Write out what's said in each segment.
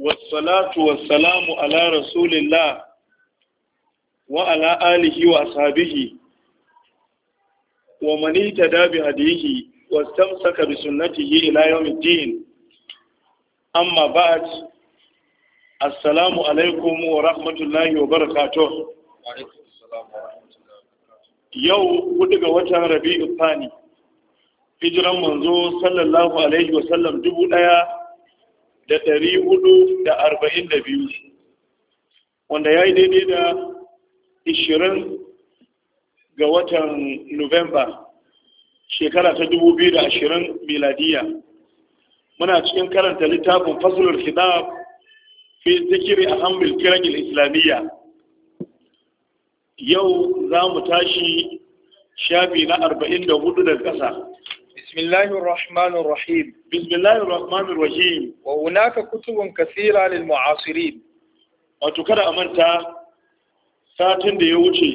wasalatu wasalamu ala rasulillah wa ala alihi wa ashabihi wa man ihtada bi hadihi wastamsaka bi sunnatihi ila yawmiddin amma ba'd assalamu alaikum wa rahmatullahi wa barakatuh yau hudu ga watan rabi'u thani hijran manzo sallallahu alaihi wa sallam dubu ɗaya. da ɗari hudu da arba'in da biyu wanda ya yi daidai da ishirin ga watan nuwamba shekara ta dubu biyu da ashirin miladiya muna cikin karanta littafin fasulul kitab fi zikiri a hamil kiragil islamiyya yau za mu tashi shafi na arba'in da hudu da ƙasa بسم الله الرحمن الرحيم بسم الله الرحمن الرحيم وهناك كتب كثيرة للمعاصرين wato kada a manta satin da ya wuce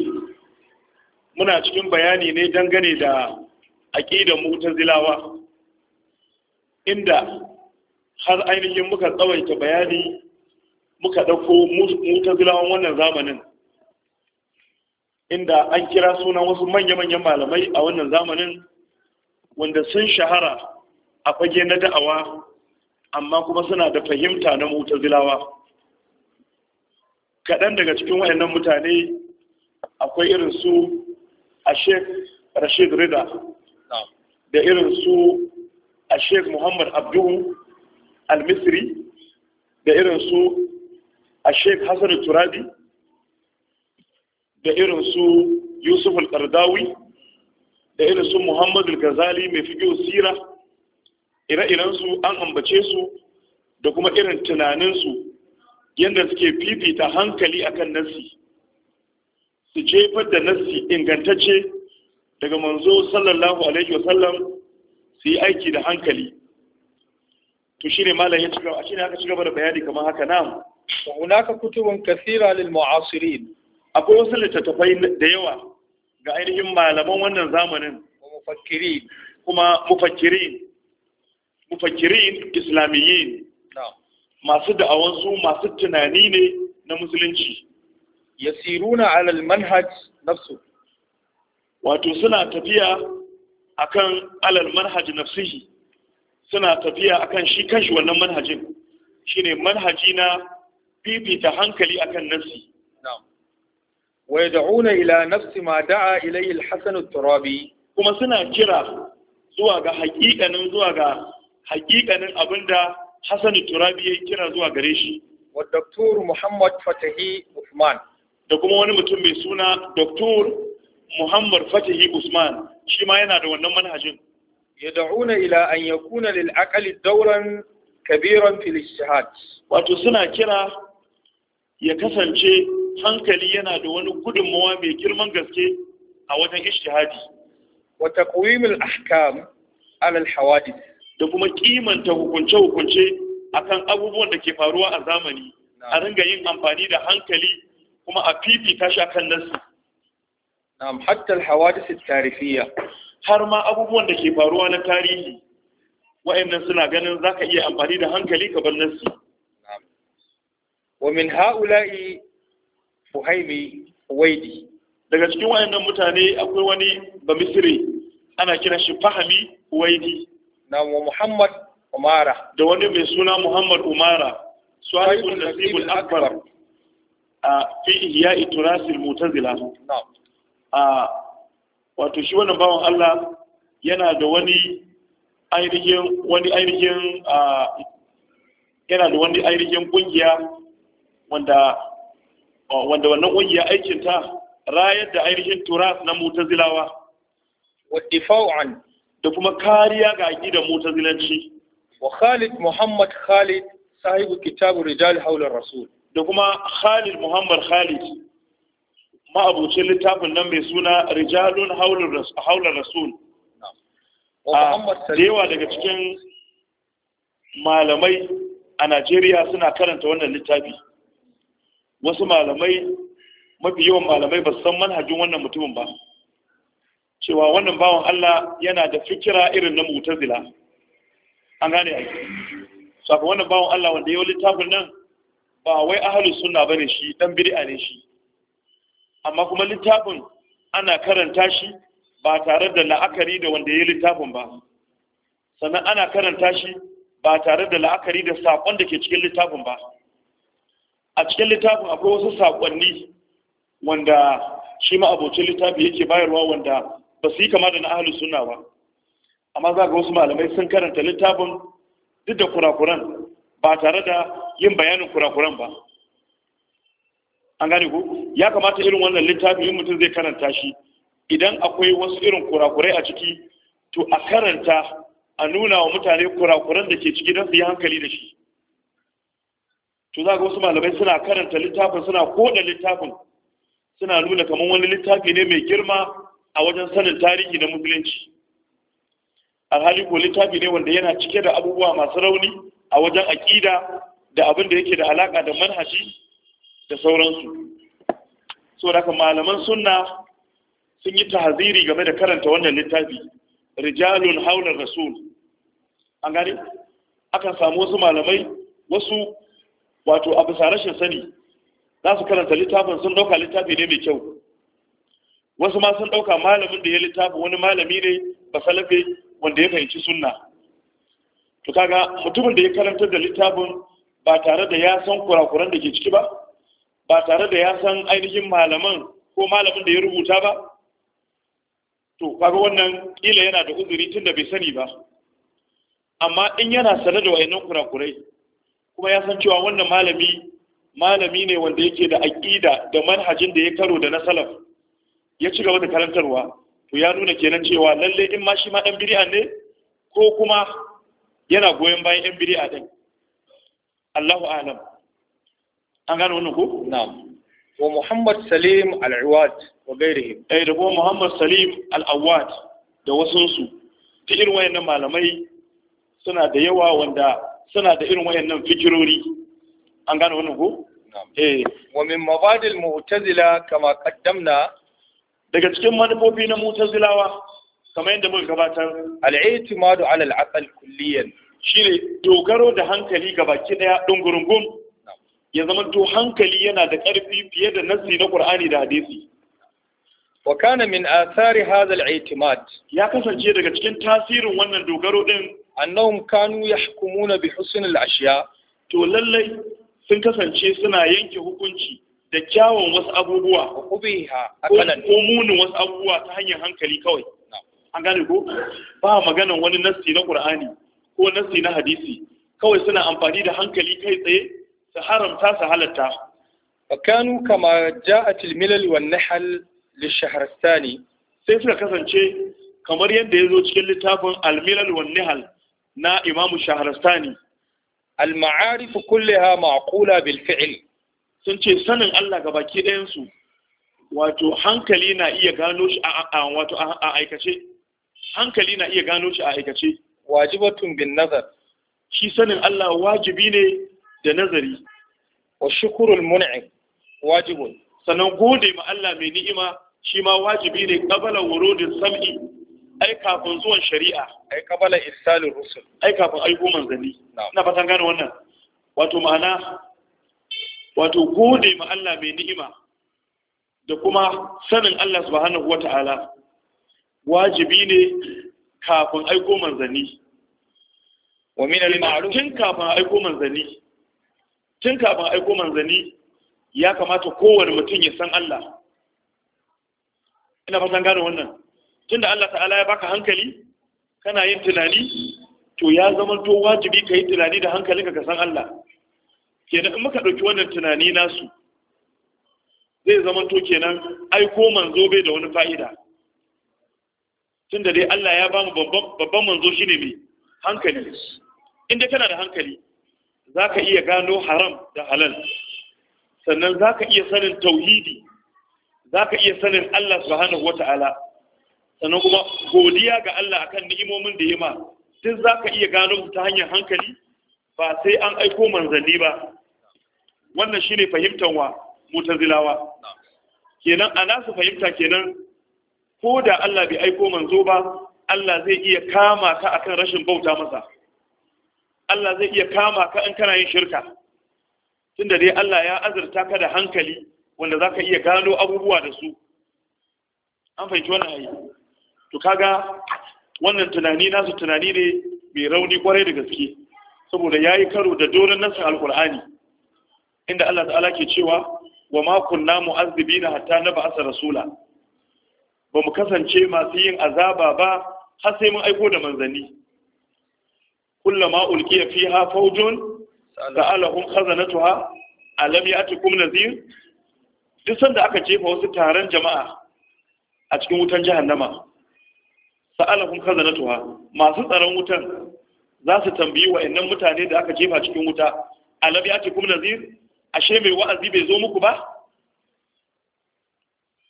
muna cikin bayani ne dangane da aƙidan mutazilawa inda har ainihin muka tsawaita bayani muka ɗauko mutazilawan wannan zamanin inda an kira sunan wasu manya-manyan malamai a wannan zamanin wanda sun shahara a fage na da'awa amma kuma suna da fahimta na zilawa kaɗan daga cikin wayannan mutane akwai irin su a sheik rashid rida da irin su a sheik muhammad abduhu al-misri da irin su a sheik hassan turabi da irin su yusuf al kardawi da irin su Muhammadu gazali mai fiye sira ire-iren su an ambace su da kuma irin tunaninsu, yadda suke fifita hankali akan nasi su jefar da nasi ingantacce daga manzo sallallahu alaihi wasallam su yi aiki da hankali to shine malam ya cigaba shine aka cigaba da bayani kamar haka na? wa hunaka kutubun kathira lil mu'asirin akwai wasu littattafai da yawa ga ainihin malaman wannan zamanin kuma mufakkirin mufakkirin islamiyyin masu da'awansu masu tunani ne na musulunci yasiruna alal manhaj nafsu wato suna tafiya akan alal manhaj nafsihi suna tafiya akan shi kanshi wannan manhajin shine manhaji na fifita hankali akan nafsi wa yad'una ila nafsi ma da'a ilayhi al-hasan turabi kuma suna kira zuwa ga hakikanin zuwa ga hakikanin abinda Hassan Turabi ya kira zuwa gare shi wa Dr. Muhammad Fatahi Usman da kuma wani mutum mai suna Dr. Muhammad Fatahi Usman shi ma yana da wannan manhajin yad'una ila an yakuna lil aqli dawran kabiran fil ijtihad wato suna kira ya kasance hankali yana da wani gudunmawa mai girman gaske a wajen ishtihadi wa taqwimul ahkam ala al hawadith da kuma kimanta hukunce hukunce akan abubuwan da ke faruwa a zamani a ringa yin amfani da hankali kuma a fifita shi akan nasu na'am hatta al hawadith al har ma abubuwan da ke faruwa na tarihi wa'annan suna ganin zaka iya amfani da hankali ka bar nasu wa min ha'ula'i Fuhaimi Waidi daga cikin wayannan mutane akwai wani misiri. ana kiran shi Fahami Waidi na Muhammad Umara da wani mai suna Muhammad Umara sahibul nasibul akbar a fi ihya'i turasil mutazila a wato shi wannan bawan Allah yana da wani ainihin wani ainihin yana da wani ainihin kungiya wanda wanda wannan ƙungiya aikin ta rayar da ainihin turas na mutazilawa wa difa'u da kuma kariya ga da mutazilanci wa Khalid Muhammad Khalid sahibu kitabu rijal haular rasul da kuma Khalid Muhammad Khalid ma'abucin littafin nan mai suna rijalun Haular rasul ah, da yawa daga cikin malamai a Najeriya suna karanta wannan littafi wasu malamai mafi yawan malamai ba san manhajin wannan mutumin ba cewa wannan bawan Allah yana da fikira irin na mutazila an gane a saka wannan bawan Allah wanda ya littafin nan ba wai ahalus ba ne shi dan biri'a ne shi amma kuma littafin ana karanta shi ba tare da la'akari da wanda ya littafin ba sannan ana karanta shi ba tare da la'akari da saƙon da ke cikin littafin ba a cikin littafin akwai wasu saƙonni wanda shi ma abocin littafi yake bayarwa wanda ba su yi kama da na suna sunna ba amma za ga wasu malamai sun karanta littafin duk da kurakuran ba tare da yin bayanin kurakuran ba an gane ku ya kamata irin wannan littafi yin mutum zai karanta shi idan akwai wasu irin kurakurai a ciki to a karanta a nuna wa mutane kurakuran da ke ciki don su yi hankali da shi to za ga wasu malamai suna karanta littafin suna koda littafin suna nuna kamar wani littafi ne mai girma a wajen sanin tarihi na musulunci A alhali ko littafi ne wanda yana cike da abubuwa masu rauni a wajen aƙida da abin da yake da alaƙa da manhaji da sauransu so da malaman sunna sun yi tahaziri game da karanta wannan littafi rijalun haular rasul an gane akan samu wasu malamai wasu wato a bisa rashin sani za su karanta littafin sun ɗauka littafi ne mai kyau wasu ma sun ɗauka malamin da ya littafin wani malami ne ba basalafe wanda ya fahimci sunna to kaga mutumin da ya karanta da littafin ba tare da ya san kurakuran da ke ciki ba ba tare da ya san ainihin malaman ko malamin da ya rubuta ba to kaga wannan kila yana da uzuri tunda bai sani ba amma in yana sanar da wayannan kurakurai kuma ya san cewa wannan malami malami ne wanda yake da aƙida da manhajin da ya karo da na salaf ya ci gaba da karantarwa to ya nuna kenan cewa lalle in ma shi ma ɗan bid'a ne ko kuma yana goyon bayan ɗan bid'a din Allahu alam an gano wannan ko na'am wa Muhammad Salim Al-Awad wa gairihi eh da kuma Muhammad Salim Al-Awad da wasunsu ta irin wayannan malamai suna da yawa wanda suna da irin wayannan fikirori an gane wannan ko eh wa min mabadil mu'tazila kama qaddamna daga cikin manufofi na mu'tazilawa kamar yadda muka gabatar al-i'timadu 'ala al-aql kulliyan shine dogaro da hankali ga baki daya dungurungun ya zama to hankali yana da karfi fiye da nasi na Qur'ani da hadisi wa kana min athari hadha al-i'timad ya kasance daga cikin tasirin wannan dogaro din annahum kanu yahkumuna bi husnil ashiya to lallai sun kasance suna yanke hukunci da kyawun wasu abubuwa ko munin wasu abubuwa ta hanyar hankali kawai an gane ko ba maganan wani nassi na qur'ani ko nassi na hadisi kawai suna amfani da hankali kai tsaye su haramta su halatta fakanu kama ja'at al-milal wan nahl lishahrastani sai suka kasance kamar yadda ya zo cikin littafin al-milal wan nahl na imamu shaharastani al-ma'arifu kulliha ma'qula bil fi'l sun ce sanin Allah ga baki ɗayansu. wato hankali na iya gano shi a wato a aikace hankali na iya gano shi a aikace wajibatun bin nazar shi sanin Allah wajibi ne da nazari wa shukurul mun'im wajibun sannan gode ma Allah mai ni'ima shi ma wajibi ne qabala wurudin sam'i ai kafin zuwan shari'a ai kabala irsalin rusul ai kafin aiko manzanni ina fatan gane wannan wato ma'ana wato gode ma Allah mai ni'ima da kuma sanin Allah subhanahu wata'ala wajibi ne kafin aiko manzanni wa min al-ma'ruf tun kafin aiko manzanni tun kafin aiko manzanni ya kamata kowane mutum ya san Allah ina fatan gane wannan tunda Allah ta'ala ya baka hankali kana yin tunani to ya zama to wajibi ka yi tunani da hankalinka ka san Allah kenan in muka ɗauki wannan tunani nasu zai zama to kenan aiko manzo bai da wani fa'ida tunda dai Allah ya bamu babban manzo shine mai hankali inda kana da hankali zaka iya gano haram da halal sannan zaka iya sanin tauhidi zaka iya sanin Allah subhanahu Ta'ala. sannan kuma godiya ga Allah akan ni'imomin da ya ma duk za ka iya gano ta hanyar hankali ba sai an aiko manzanni ba wannan shi ne fahimtar wa mutazilawa kenan a nasu fahimta kenan ko da Allah bai aiko manzo ba Allah zai iya kama ka akan rashin bauta masa Allah zai iya kama ka in kana yin shirka tunda dai Allah ya azurta ka da hankali wanda za ka iya gano abubuwa da su an fahimci wannan ayi to kaga wannan tunani nasu tunani ne mai rauni kwarai da gaske saboda ya yi karo da doron nasa alkur'ani inda Allah ta'ala ke cewa wa ma kunna mu'azzibina hatta na ba'asa rasula ba mu kasance masu yin azaba ba har sai mun aiko da manzanni kullama ulqiya fiha fawjun sa'alahum khazanatuha alam ya'tikum nadhir duk sanda aka jefa wasu taron jama'a a cikin wutan jahannama sa'alahum kazanatuwa masu tsaron wutan za su tambayi wa'annan mutane da aka jefa cikin wuta alam yatikum nazir ashe mai wa'azi bai zo muku ba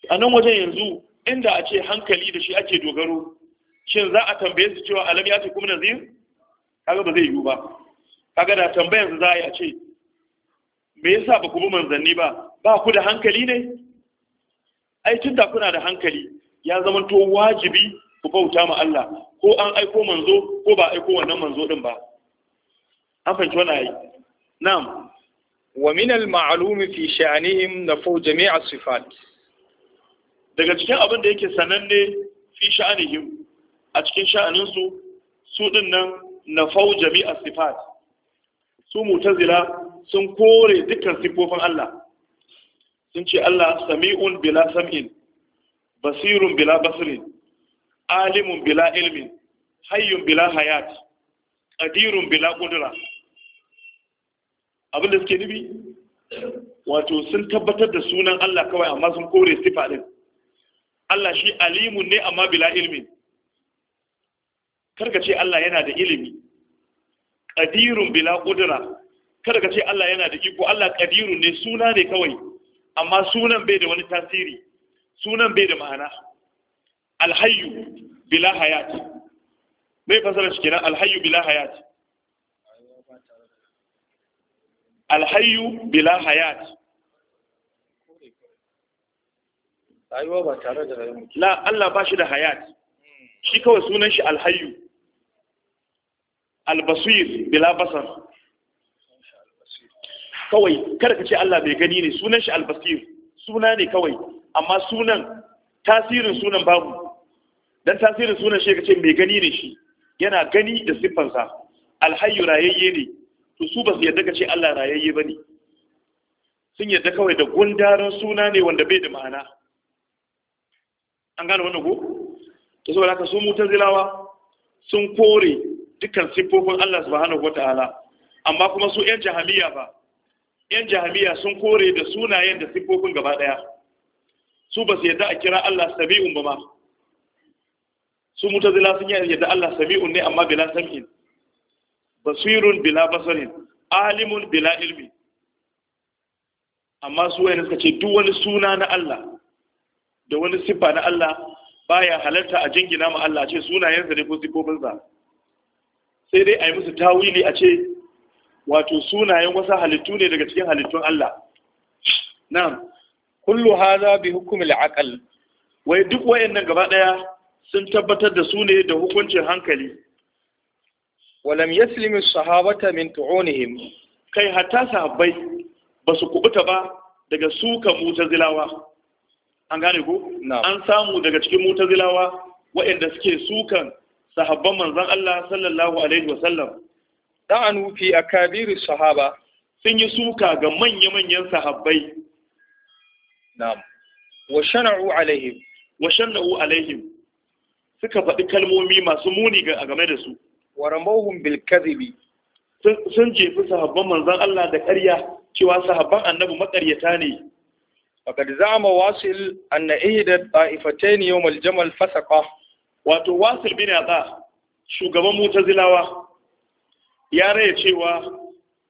a nan wajen yanzu inda a ce hankali da shi ake dogaro shin za a tambaye su cewa alam yatikum nazir kaga ba zai yiwu ba kaga da tambayar su za a ce me yasa ba ku bi manzanni ba ba ku da hankali ne ai da kuna da hankali ya zama zamanto wajibi ku bauta ma Allah ko an aiko manzo ko ba aiko wannan manzo din ba an fahimci wannan ayi na'am wa min al-ma'lum fi nafu jami' sifat daga cikin abin da yake sananne fi a cikin sha'anin su su din nan nafau jami' as-sifat su mutazila sun kore dukkan sifofin Allah sun ce Allah sami'un bila sam'in basirun bila basirin alimun bila ilmin hayyun bila hayat qadirun bila ƙudura. abin da suke nufi wato sun tabbatar da sunan Allah kawai amma sun kore sifa din Allah shi alimun ne amma bila ilmin karka ce Allah yana da ilimi Ƙadirun bila Kar karka ce Allah yana da iko Allah qadirun ne suna ne kawai amma sunan bai da wani tasiri sunan bai da ma'ana alhayyu bila hayati mai fasara shi kenan alhayyu bila hayati alhayyu bila hayati rayuwa ba tare da rayuwa la Allah ba shi da hayati. shi kawai sunan shi alhayyu albasir bila basar kawai kada ka ce Allah bai gani ne sunan shi albasir suna ne kawai amma sunan tasirin sunan babu dan tasirin sunan shi kace mai gani ne shi yana gani da siffarsa alhayyu rayayye ne to su ba su yadda kace Allah rayayye bane sun yarda kawai da gundarin suna ne wanda bai da ma'ana an gane wannan ko to saboda haka su mutazilawa sun kore dukkan siffofin Allah subhanahu wataala amma kuma su yan jahiliya ba yan jahiliya sun kore da sunayen da siffofin gaba daya su ba su yarda a kira Allah sabi'un ba ma su mutazila sun yi yadda Allah sami'un ne amma bila sam'in basirun bila basarin alimun bila ilmi amma su wayanda suka ce duk wani suna na Allah da wani siffa na Allah baya halarta a jingina ma Allah ce sunayensa ne ko sifofinsa sai dai a yi musu tawili a ce wato sunayen wasu halittu ne daga cikin halittun Allah na'am kullu hadha bi hukumar al wai duk wayannan gaba daya sun tabbatar da su ne da hukuncin hankali walam yaslimu sahabata min tu'unihim kai hatta sahabbai ba su kubuta ba daga suka mutazilawa an gane ko an samu daga cikin mutazilawa waɗanda suke sukan sahabban manzon Allah sallallahu alaihi wasallam da'anu fi akabiri sahaba sun yi suka ga manya-manyan sahabbai na'am wa shana'u alaihim wa shana'u alaihim suka faɗi kalmomi masu muni game da su wa ramawhum sun jefi sahabban manzon Allah da ƙarya cewa sahabban annabi maƙaryata ne faqad zama wasil anna ihda ta'ifatayn yawm al-jamal fasaqa wato wasil bin yaqa shugaban mutazilawa ya raya cewa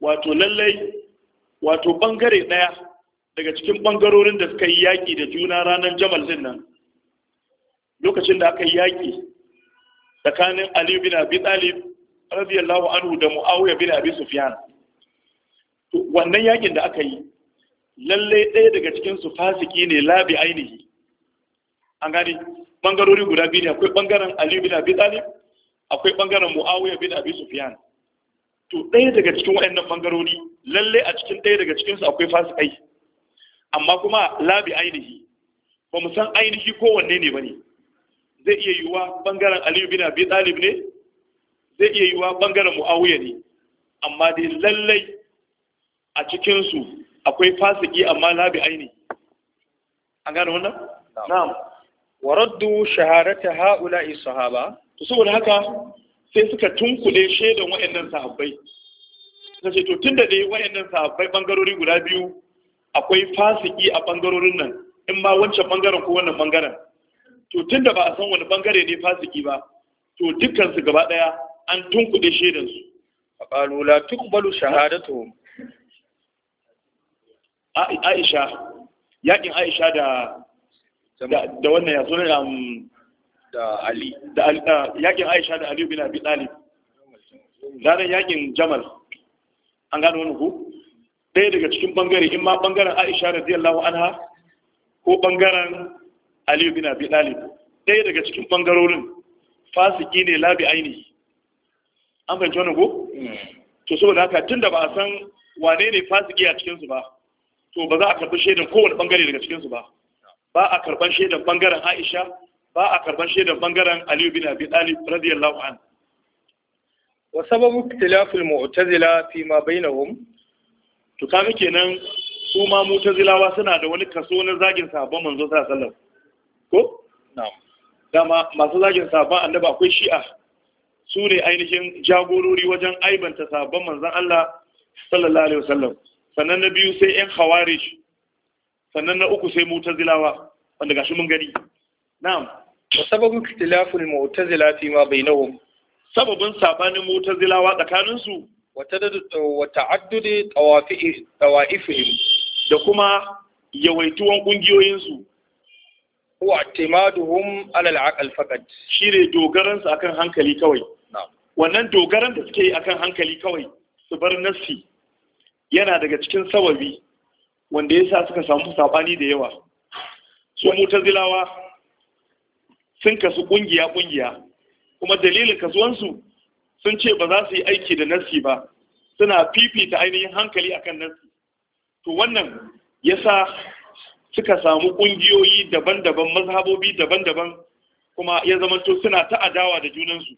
wato lallai wato bangare ɗaya, daga cikin ɓangarorin da suka yi yaƙi da juna ranar jamal din nan lokacin da aka yi yaƙi tsakanin Ali bin Abi Talib radiyallahu anhu da Muawiya bin Abi Sufyan to wannan yaƙin da aka yi lalle ɗaya daga cikin su fasiki ne labi ainihi an gani bangarori guda biyu ne akwai bangaren Ali bin Abi Talib akwai bangaren Muawiya bin Abi Sufyan to ɗaya daga cikin waɗannan bangarori lalle a cikin ɗaya daga cikin su akwai fasikai amma kuma labi ainihi ba mu san ainihi kowanne ne bane zai iya yiwuwa bangaren aliyu bin abi talib ne zai iya yiwuwa bangaren muawiya ne amma dai lallai a cikinsu akwai fasiki amma labi aini an gane wannan na'am wa raddu shahadata haula'i sahaba to saboda haka sai suka tunkule shaidan wayannan sahabbai Kace to tunda dai wayannan sahabbai bangarori guda biyu akwai fasiki a bangarorin nan in ma wancan bangaren ko wannan bangaren to tun da ba a san wani bangare ne fasiki ba to dukkan su gaba daya an tunkuɗe shaidan su qalu la tuqbalu shahadatu Aisha yakin Aisha da da wannan ya sunan um, da Ali da uh, yakin Aisha da Ali bin Abi Talib ranar yakin Jamal an gano wani ku ɗaya daga cikin bangare in ma bangaren Aisha radiyallahu anha ko bangaren Aliyu bin Abi Talib ɗaya daga cikin bangarorin fasiki ne labi aini an fahimci wani ko to saboda haka tunda ba a san wane ne fasiki a cikin su ba to ba za a karɓi shaidan kowane bangare daga cikin su ba ba a karɓan shaidan bangaren Aisha ba a karɓan shaidan bangaren Aliyu bin Abi Talib radiyallahu an wa sababu ikhtilafil mu'tazila fi ma bainahum to kaga kenan su ma mutazilawa suna da wani kaso na zagin sahabban manzo sallallahu alaihi wasallam ko dama masu zagin sabon annaba akwai shi'a su ne ainihin jagorori wajen aibanta sabon manzan Allah sallallahu alaihi wasallam sannan na biyu sai yan hawari sannan na uku sai mutazilawa wanda gashi mun gani na'am wa sababu ikhtilaful mu'tazila fi ma bainahum sababin sabanin mutazilawa tsakanin su wa ta'addudi tawafihim da kuma yawaituwan kungiyoyin su wa taimaduhum alal aqal faqat shine dogaran su akan hankali kawai wannan dogaran da suke yi akan hankali kawai su bar nafsi yana daga cikin sababi wanda yasa suka samu sabani da yawa su mutazilawa sun kasu kungiya kungiya kuma dalilin kasuwansu sun ce ba za su yi aiki da nafsi ba suna fifita ainihin hankali akan nafsi to wannan yasa suka samu ƙungiyoyi daban-daban mazhabobi daban-daban kuma ya zama to suna ta adawa da junansu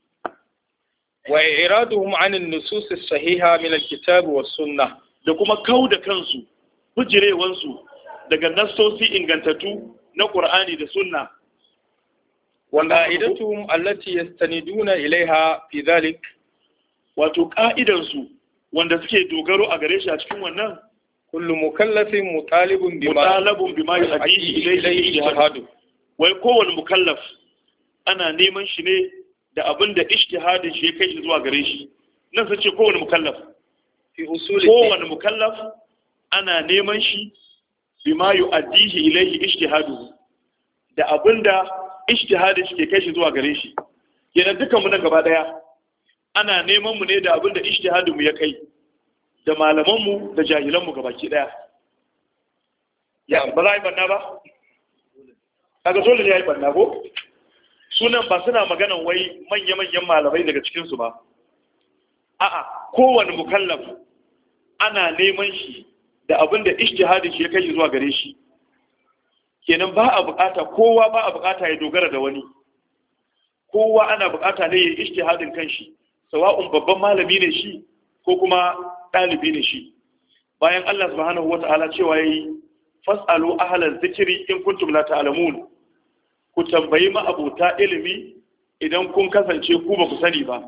wa iraduhum an nusus sahiha min al-kitab was sunnah da kuma kauda kansu hujirewansu daga nassosi ingantatu na qur'ani da sunna idatuhum allati yastaniduna ilaiha fi dhalik wato ka'idansu wanda suke dogaro a gare shi a cikin wannan kullu mukallafin mutalibun bima mutalabun bima yuhadihi ilayhi ijtihadu wai kowane mukallaf ana neman shi ne da abin da ijtihadin shi ya kai shi zuwa gare shi nan sun ce kowane mukallaf fi usuli kowane mukallaf ana neman shi bima yu'addihi ilayhi ijtihadu da abin da ijtihadin shi ke kai shi zuwa gare shi yana dukan mu na gaba daya ana neman mu ne da abin da ijtihadin mu ya kai da malamanmu da jahilanmu ga baki ɗaya ya ba za a yi banna ba kaga dole ya yi banna ko sunan ba suna maganan wai manya-manyan malamai daga cikinsu ba a'a kowane mukallaf ana neman shi da abin da ishtihadin shi ya kai zuwa gare shi kenan ba a bukata kowa ba a bukata ya dogara da wani kowa ana bukata ne ya ishtihadin kanshi sawa'un babban malami ne shi ko kuma ɗalibi da shi bayan Allah subhanahu wata'ala cewa yayi fas'alu ahlaz zikiri in kuntum la ta'lamun ku tambayi ma'abota ilimi idan kun kasance ku ba ku sani ba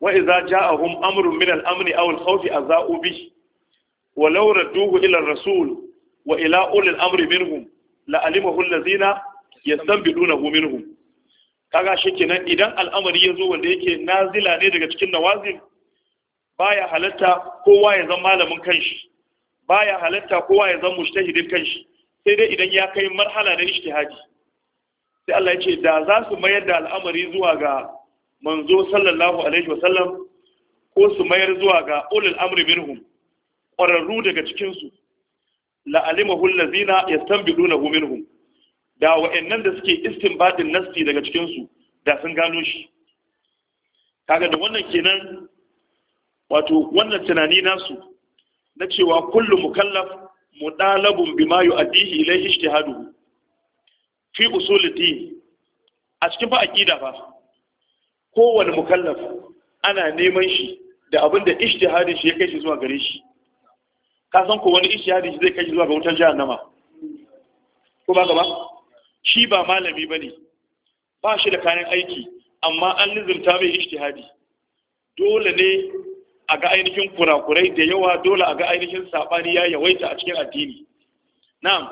wa idza ja'ahum amrun min al-amni aw al-khawf bi wa law radduhu ila ar-rasul wa ila ulil amri minhum la alimahu allazina yastanbidunahu minhum kaga kenan idan al'amari zo wanda yake nazila ne daga cikin nawazil baya halatta kowa ya zama malamin kanshi baya halatta kowa ya zama mujtahidin kanshi sai dai idan ya kai marhala na ijtihadi sai Allah ya ce da za su mayar da al'amari zuwa ga manzo sallallahu alaihi wasallam ko su mayar zuwa ga ulul amri minhum ƙwararru daga cikin su alimahu allazina yastanbidunahu minhum da wa'annan da suke istinbadin nasti daga cikin su da sun gano shi kaga da wannan kenan wato wannan tunani nasu na cewa kullu mukallaf mudalabun bima yu'addihi ilayhi ijtihaduhu fi usul din a cikin ba aqida ba kowanne mukallaf ana neman shi da abinda da ijtihadin shi ya kai shi zuwa gare shi ka san ko wani ijtihadin shi zai kai shi zuwa ga wutar jahannama ko ba gaba shi ba malami bane ba shi da kayan aiki amma an nizumta mai ijtihadi dole ne a ga ainihin kurakurai da yawa dole a ga ainihin saɓani ya yawaita a cikin addini na'am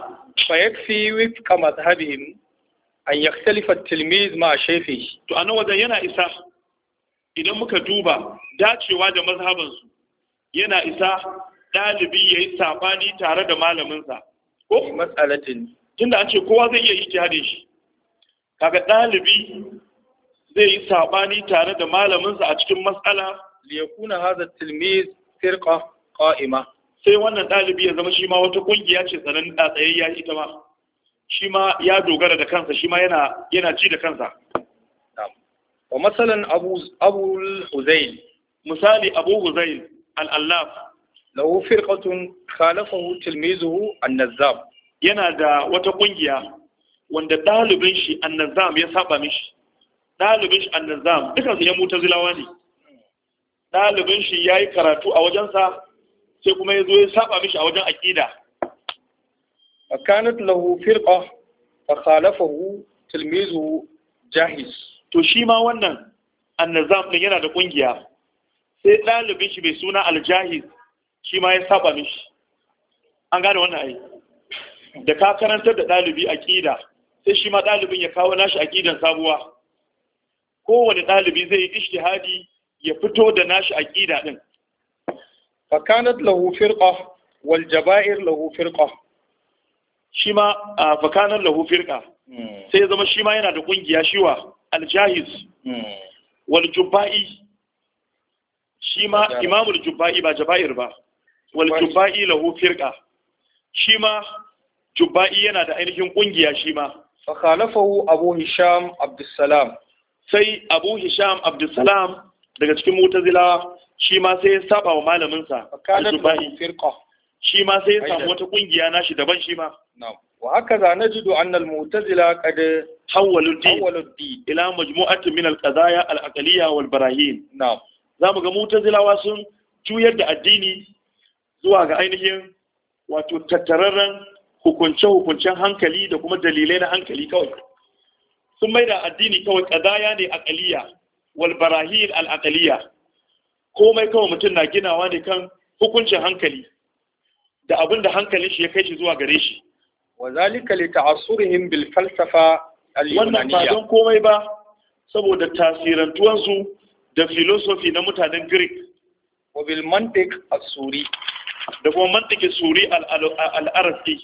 fa yakfi ka madhhabihim an yakhtalifa at-tilmiz ma shayfi to anan wajen yana isa idan muka duba dacewa da su, yana isa ɗalibi ya yi saɓani tare da malaminsa ko matsalatin tunda an ce kowa zai iya ijtihadin shi kaga ɗalibi zai yi saɓani tare da malaminsa a cikin matsala liyakuna hadha tilmiz firqa qa'ima sai wannan dalibi ya zama shi ma wata kungiya ce sanan da tsayayya ita ma shi ma ya dogara da kansa shi ma yana yana ci da kansa wa masalan abu abu huzail misali abu huzail al-allaf lahu firqatun khalafahu tilmizuhu an-nazzab yana da wata kungiya wanda dalibin shi an-nazzam ya saba mishi dalibin shi an-nazzam dukansu ya mutazilawa ne ɗalibin shi ya yi karatu a wajensa sai kuma ya zo ya saba mishi a wajen aƙida a kanat lahu firqa fa khalafahu tilmizu jahis to shi ma wannan annazam din yana da ƙungiya. sai ɗalibin shi mai suna aljahis shi ma ya saba mishi an gane wannan ai da ka karantar da ɗalibi aƙida sai shi ma ɗalibin ya kawo nashi aƙidan sabuwa kowane ɗalibi zai yi ishtihadi ya fito da nashi aqida din fa kanat lahu firqa wal jaba'ir lahu firqa shi fa kanat lahu firqa hmm. sai ya zama shi ma yana da kungiya shiwa al jahiz hmm. wal juba'i Shima ma imamul juba'i ba jaba'ir ba wal juba'i lahu firqa shi juba'i yana da ainihin kungiya shima. ma fa khalafahu abu hisham abdussalam sai abu hisham abdussalam daga cikin mutazila shi ma sai ya saba wa malaminsa, sa zubahi shi ma sai ya samu wata kungiya nashi daban shi ma wa haka za najidu anna al-mu'tazila qad hawwalu din ila majmu'atin min al-qadaya al-aqliyya wal barahin na'am zamu ga mu'tazilawa sun juyar da addini zuwa ga ainihin wato tattararren hukunce-hukuncen hankali da kuma dalilai na hankali kawai sun maida da addini kawai kadaya ne akaliya wal barahil al aqliya komai kawai mutum na ginawa ne kan hukuncin hankali da abin da hankalin shi ya kai shi zuwa gare shi wa zalika li bil falsafa al yunaniyya wannan ba don komai ba saboda tasirantuwan su da philosophy na mutanen Greek wa bil mantiq as-suri da kuma mantikin suri al arabi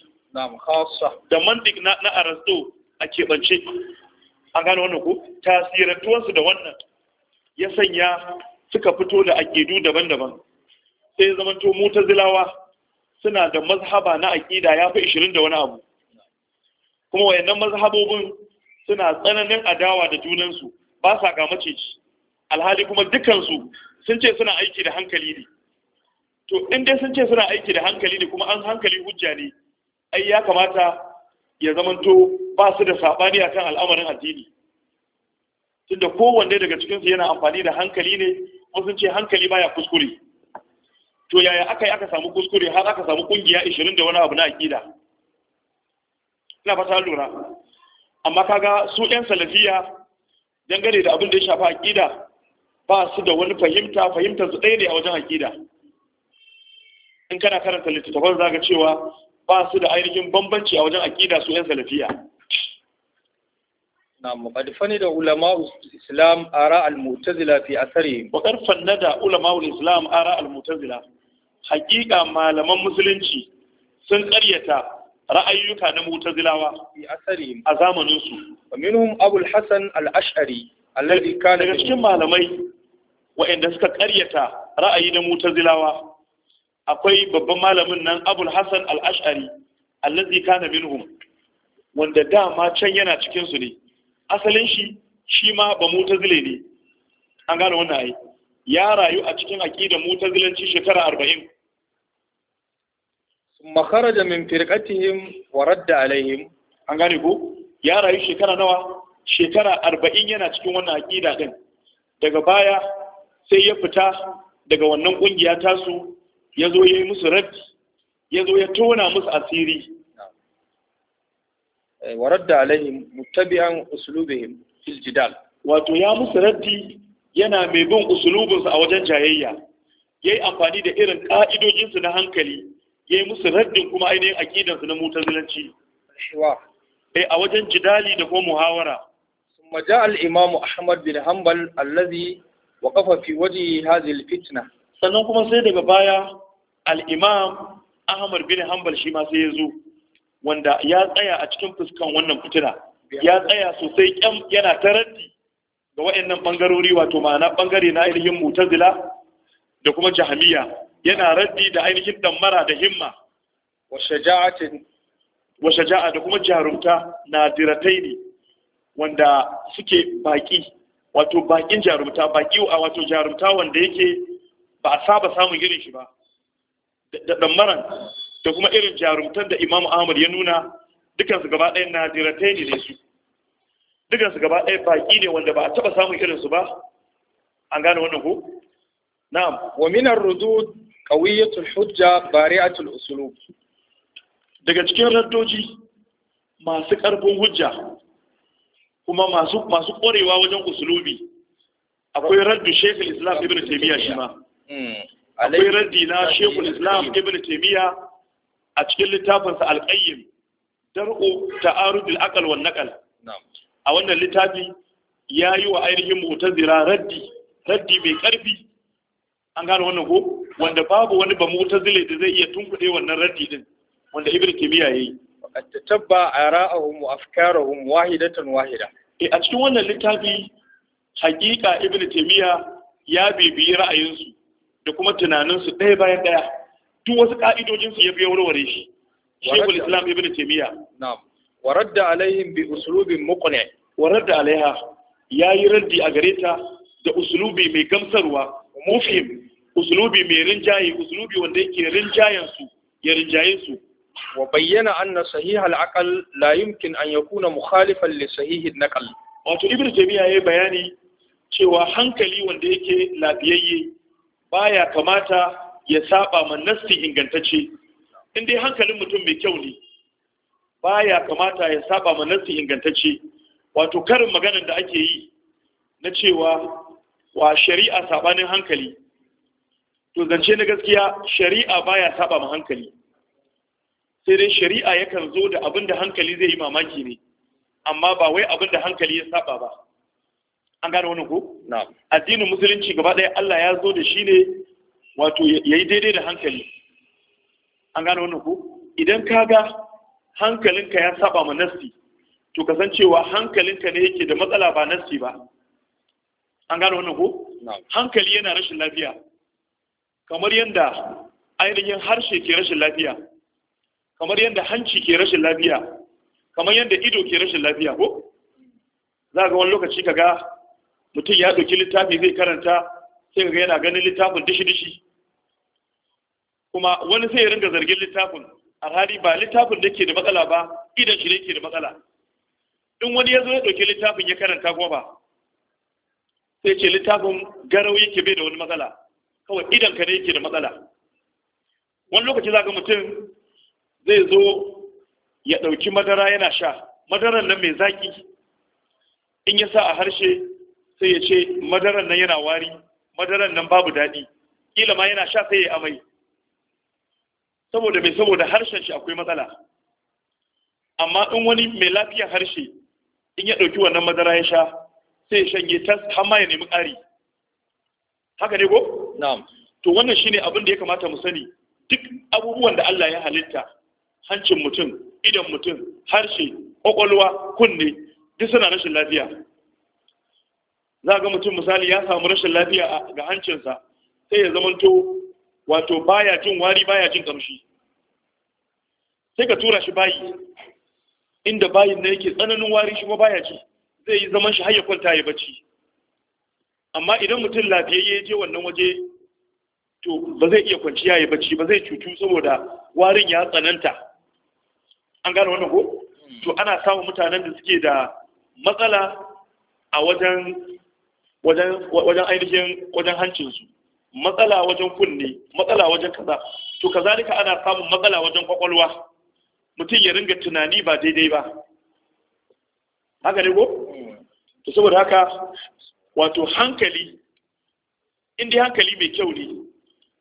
da mantik na na arasto a keɓance an gano wannan ku? tasirantuwan su da wannan ya sanya suka fito da aƙidu daban-daban sai ya zamanto mutazilawa suna da mazhaba na aƙida ya fi ishirin da wani abu kuma wayannan mazhabobin suna tsananin adawa da junansu ba sa ga maceci alhali kuma dukansu sun ce suna aiki da hankali ne to in dai sun ce suna aiki da hankali ne kuma an hankali hujja ne ai ya kamata ya zamanto ba su da saɓani akan al'amarin addini tunda kowanne daga cikinsu yana amfani da hankali ne kuma sun ce hankali baya kuskure to yaya aka yi aka samu kuskure har aka samu kungiya 20 da wani abu na akida ina fata lura amma kaga su yan salafiya dangane da abin da ya shafi akida ba su da wani fahimta fahimtar su ɗaya ne a wajen akida in kana karanta littattafan zaka cewa ba su da ainihin bambanci a wajen akida su yan salafiya نعم وقد فند علماء الإسلام آراء المعتزلة في أثرهم وقد فند علماء الإسلام آراء المعتزلة حقيقة ما لم مسلمشي sun karyata ra'ayyuka na mutazilawa a zamaninsu. Minhum Abul Hassan al-Ash'ari, alladhi kana daga cikin malamai waɗanda suka karyata ra'ayi na mutazilawa akwai babban malamin nan Abul Hassan al-Ash'ari, alladhi kana minhum wanda dama can yana cikin su ne. asalin shi shi ma ba mutazile ne an gane wannan ai ya rayu a cikin aqida mutazilanci shekara 40 thumma kharaja min firqatihim wa radda alaihim an gane ko ya rayu shekara nawa shekara 40 yana cikin wannan aqida din daga baya sai ya fita daga wannan kungiya tasu ya zo musu raddi ya zo ya tona musu asiri wa radda alaihim muttabi'an uslubihim fil jidal wato ya musu raddi yana mai bin usulubinsu a wajen jayayya yayi amfani da irin ƙa'idodinsu na hankali yayi musu raddin kuma ainihin su na mutazilanci eh a wajen jidali da kuma muhawara ثم جاء الإمام bin بن حنبل الذي وقف في وجه هذه fitna. sannan kuma sai daga baya al'imam ahmad bin hanbal shi ma sai ya zo wanda ya tsaya a cikin fuskan wannan fitina ya tsaya sosai kyan yana taraddi ga nan bangarori wato ma'ana bangare na ainihin mutazila da kuma jahamiya yana raddi da ainihin dammara da himma wa shaja'a da kuma jarumta na diratai ne wanda suke baki wato bakin jarumta baki a wato jarumta wanda yake ba a saba samun irin shi ba da damaran da kuma irin jarumtar da Imam Ahmad ya nuna dukansu gaba ɗaya nadiratai ne su dukansu gaba ɗaya baƙi ne wanda ba a taɓa samun irinsu ba an gane wannan ko na'am wa min ar-rudud qawiyatul hujja bari'atul usulub daga cikin raddoji masu ƙarfin hujja kuma masu masu ƙwarewa wajen usulubi akwai raddu Sheikhul Islam Ibn Taymiyyah shi ma hmm. akwai raddi na Sheikhul Islam Ibn Taymiyyah a cikin littafinsa alƙayyim dar'u ta'arudul aqal wa naqal a wannan littafi ya yi wa ainihin mutazira raddi raddi mai karfi an gano wannan ko wanda babu wani ba mu'tazile da zai iya tunkuɗe wannan raddi din wanda ibnu kimiya yayi qad tatabba ara'ahum wa afkarahum wahidatan wahida eh a cikin wannan littafi hakika ibnu taymiya ya bibiyi ra'ayinsu da kuma tunaninsu ɗaya bayan ɗaya duk wasu ka'idojin su ya biya warware shi shekul islam ibn taymiya na'am wa radda alaihim bi uslubin muqni wa radda alaiha yayi raddi a gare ta da uslubi mai gamsarwa mufhim uslubi mai rinjaye uslubi wanda yake rinjayen su ya rinjaye su wa bayyana anna sahih al-aql la yumkin an yakuna mukhalifan li sahih an-naql wato ibn taymiya yayi bayani cewa hankali wanda yake lafiyayye baya kamata ya saba ma nasti ingantacce in dai hankalin mutum mai kyau ne baya kamata ya saba ma nasti ingantacce wato karin maganar da ake yi na cewa wa shari'a sabanin hankali to zance na gaskiya shari'a baya saba ma hankali sai dai shari'a yakan zo da abin da hankali zai yi mamaki ne amma ba wai abin da hankali ya saba ba an gane wani ko addinin musulunci gaba ɗaya Allah ya zo da shi ne wato ya yi daidai da hankali an gane wannan ko idan ka ga hankalinka ya saba ma nassi to kasancewa hankalinka ne yake da matsala ba nassi ba an gane wannan ko hankali yana rashin lafiya kamar yadda ainihin harshe ke rashin lafiya kamar yadda hanci ke rashin lafiya kamar yadda ido ke rashin lafiya ko za ga wani lokaci ka ga? mutum ya ɗauki littafi zai karanta sai ga yana ganin littafin dishi-dishi kuma wani sai ya ringa zargin littafin a hali ba littafin da ke da matsala ba idan shi ne ke da matsala in wani ya zo ya ɗauki littafin ya karanta kuma ba sai ce littafin garau yake bai da wani matsala kawai idan ka ne yake da matsala wani lokaci za ga mutum zai zo ya ɗauki madara yana sha madaran nan mai zaki? in ya sa a harshe sai ya ce madaran nan yana wari madaran nan babu daɗi kila ma yana sha sai ya amai saboda mai saboda harshen shi akwai matsala amma in wani mai lafiyar harshe in ya ɗauki wannan madara ya sha sai ya shanye tas har ma ya nemi ƙari haka ne ko na'am to wannan shine abin da ya kamata mu sani duk abubuwan da Allah ya halitta hancin mutum idan mutum harshe kwakwalwa kunne duk suna rashin lafiya za ga mutum misali ya samu rashin lafiya ga hancinsa sai ya zamanto wato baya jin wari baya jin kamshi sai ka tura shi bayi inda bayin na yake tsananin wari shi kuma baya ji zai yi zaman shi hayyakon ya yi bacci amma idan mutum lafiya ya je wannan waje to ba zai iya kwanciya ya bacci ba zai cutu saboda warin ya tsananta an gane wannan ko hmm. to ana samun mutanen da suke da matsala a wajen wajen ainihin wajen hancinsu matsala wajen kunne matsala wajen kaza to kazalika ana samun matsala wajen kwakwalwa mutum ya ringa tunani ba daidai ba haka ne ko hmm. to saboda haka wato hankali dai hankali mai kyau ne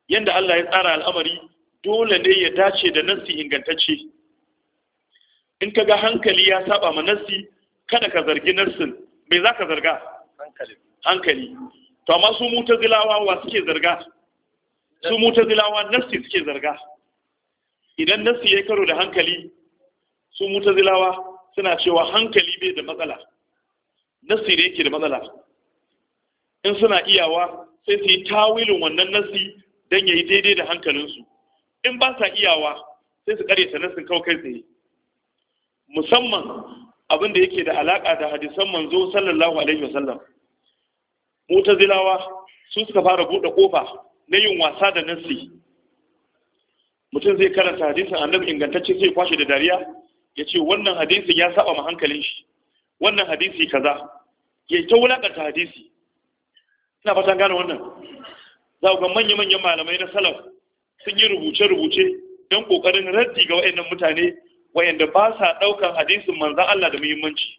yanda Allah ya tsara al'amari dole ne ya dace da nassi ingantacce in ka ga hankali ya saba ma nassi kada ka zargi nassin me za ka zarga hankali to amma su gilawa wa suke zarga su gilawa nafsi suke zarga idan nafsi ya karo da hankali su gilawa suna cewa hankali bai da matsala nafsi da yake da matsala in suna iyawa sai su yi tawilin wannan nafsi don ya yi daidai da hankalinsu in ba sa iyawa sai su karyata nafsin kawai kai tsaye musamman abin da yake da alaka da hadisan manzo sallallahu alaihi wasallam mutazilawa su suka fara bude kofa na yin wasa da nasi mutum zai karanta hadisin annabi ingantacce sai kwashe da dariya ya ce wannan hadisin ya saba ma hankalin shi wannan hadisi kaza ya ta wulakanta hadisi ina fatan gane wannan za ga manya-manyan malamai na salaf sun yi rubuce-rubuce don kokarin raddi ga wa'annan mutane wayanda ba sa daukan hadisin manzan Allah da muhimmanci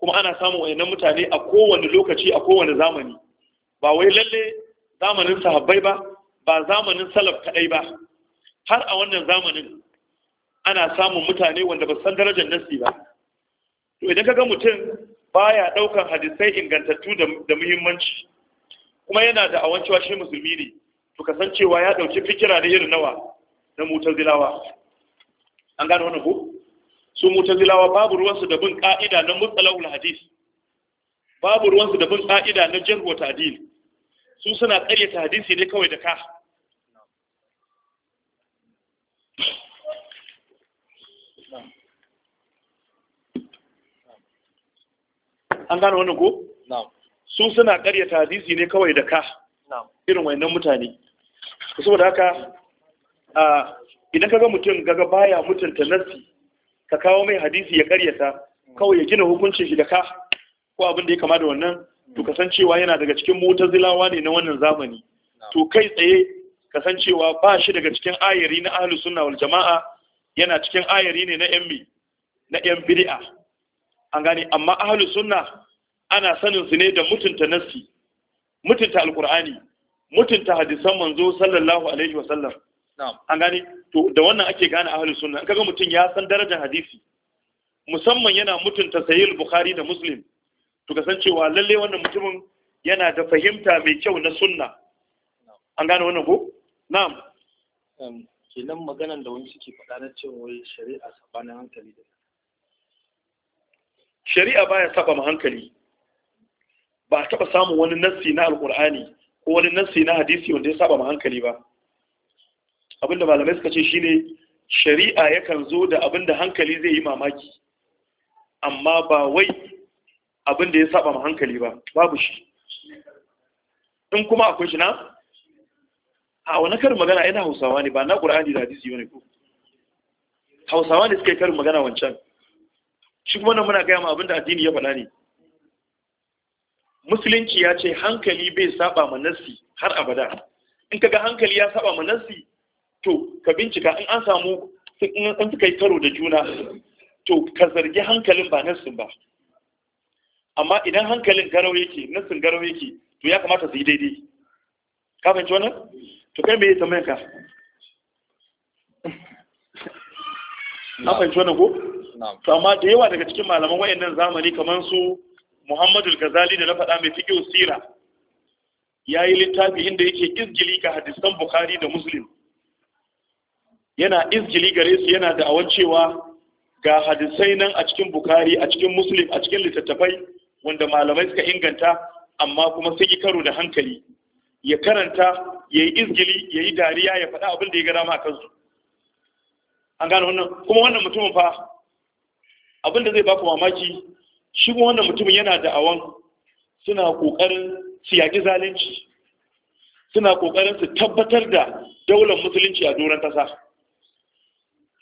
kuma ana samun wayannan mutane a kowane lokaci a kowane zamani ba wai lalle zamanin sahabbai ba ba zamanin salaf kadai ba har a wannan zamanin ana samun mutane wanda ba san darajar nasi ba to idan kaga mutum baya daukan hadisai ingantattu da muhimmanci kuma yana da awancewa shi musulmi ne to kasancewa ya dauki fikira da irin nawa na mutazilawa an gano wannan ko su mutazilawa babu ruwansu da bin ka'ida na mutsalawul hadis babu ruwansu da bin ka'ida na jarwa ta'dil su suna ƙaryata hadisi ne kawai da ka an gano wannan ko su suna ƙaryata hadisi ne kawai da ka irin wayannan mutane saboda haka a idan kaga mutum kaga baya mutunta nafsi ka kawo mai hadisi ya karyata kawai ya gina hukuncin shi da ka ko abin da ya kama da wannan to kasancewa yana daga cikin mutazilawa ne na wannan zamani to kai tsaye kasancewa ba shi daga cikin ayari na ahlus sunna wal jama'a yana cikin ayari ne na yan na yan bid'a an gane amma ahlus sunna ana sanin su ne da mutunta nafsi mutunta alqur'ani mutunta hadisan manzo sallallahu alaihi wasallam an gane to da wannan ake gane ahli sunna kaga mutum ya san darajar hadisi musamman yana mutunta sahih bukhari da muslim to kasancewa lalle wannan mutumin yana da fahimta mai kyau na sunna an gane wannan ko na'am kenan maganan da wani suke faɗa na cewa wai shari'a sabanin hankali da shari'a baya saba ma hankali ba a taba samun wani nassi na alƙur'ani ko wani nassi na hadisi wanda ya saba ma hankali ba abinda malamai suka ce shine shari'a yakan zo da abinda hankali zai yi mamaki amma ba wai abinda ya saba ma hankali ba babu shi in kuma akwai shi na a wani karin magana yana hausawa ne ba na ƙura'ani da hadisi ne ko hausawa ne suka yi karin magana wancan shi kuma muna gaya ma abinda addini ya faɗa ne musulunci ya ce hankali bai saba ma nassi har abada in kaga hankali ya saba ma nassi to ka bincika in an samu in suka yi karo da juna to ka zargi hankalin ba nassin ba amma idan hankalin garau yake nassin garau yake to ya kamata su yi daidai ka fahimci wannan to kai me ya tambayan ka na fahimci wannan ko to amma da yawa daga cikin malaman wayannan zamani kamar su Muhammadu Ghazali da na faɗa mai fiqh sira yayi littafi inda yake izgili ga hadisan Bukhari da Muslim yana izgili gare su yana da'awan cewa ga hadisai nan a cikin bukari a cikin muslim a cikin littattafai wanda malamai suka inganta amma kuma sun yi karo da hankali ya karanta ya yi izgili ya yi dariya ya faɗa abin da ya gara ma kansu an gane wannan kuma wannan mutumin fa abin da zai baku mamaki shi kuma wannan mutumin yana awan suna ƙoƙarin su yaƙi zalunci suna ƙoƙarin su tabbatar da daular musulunci a doron kasa.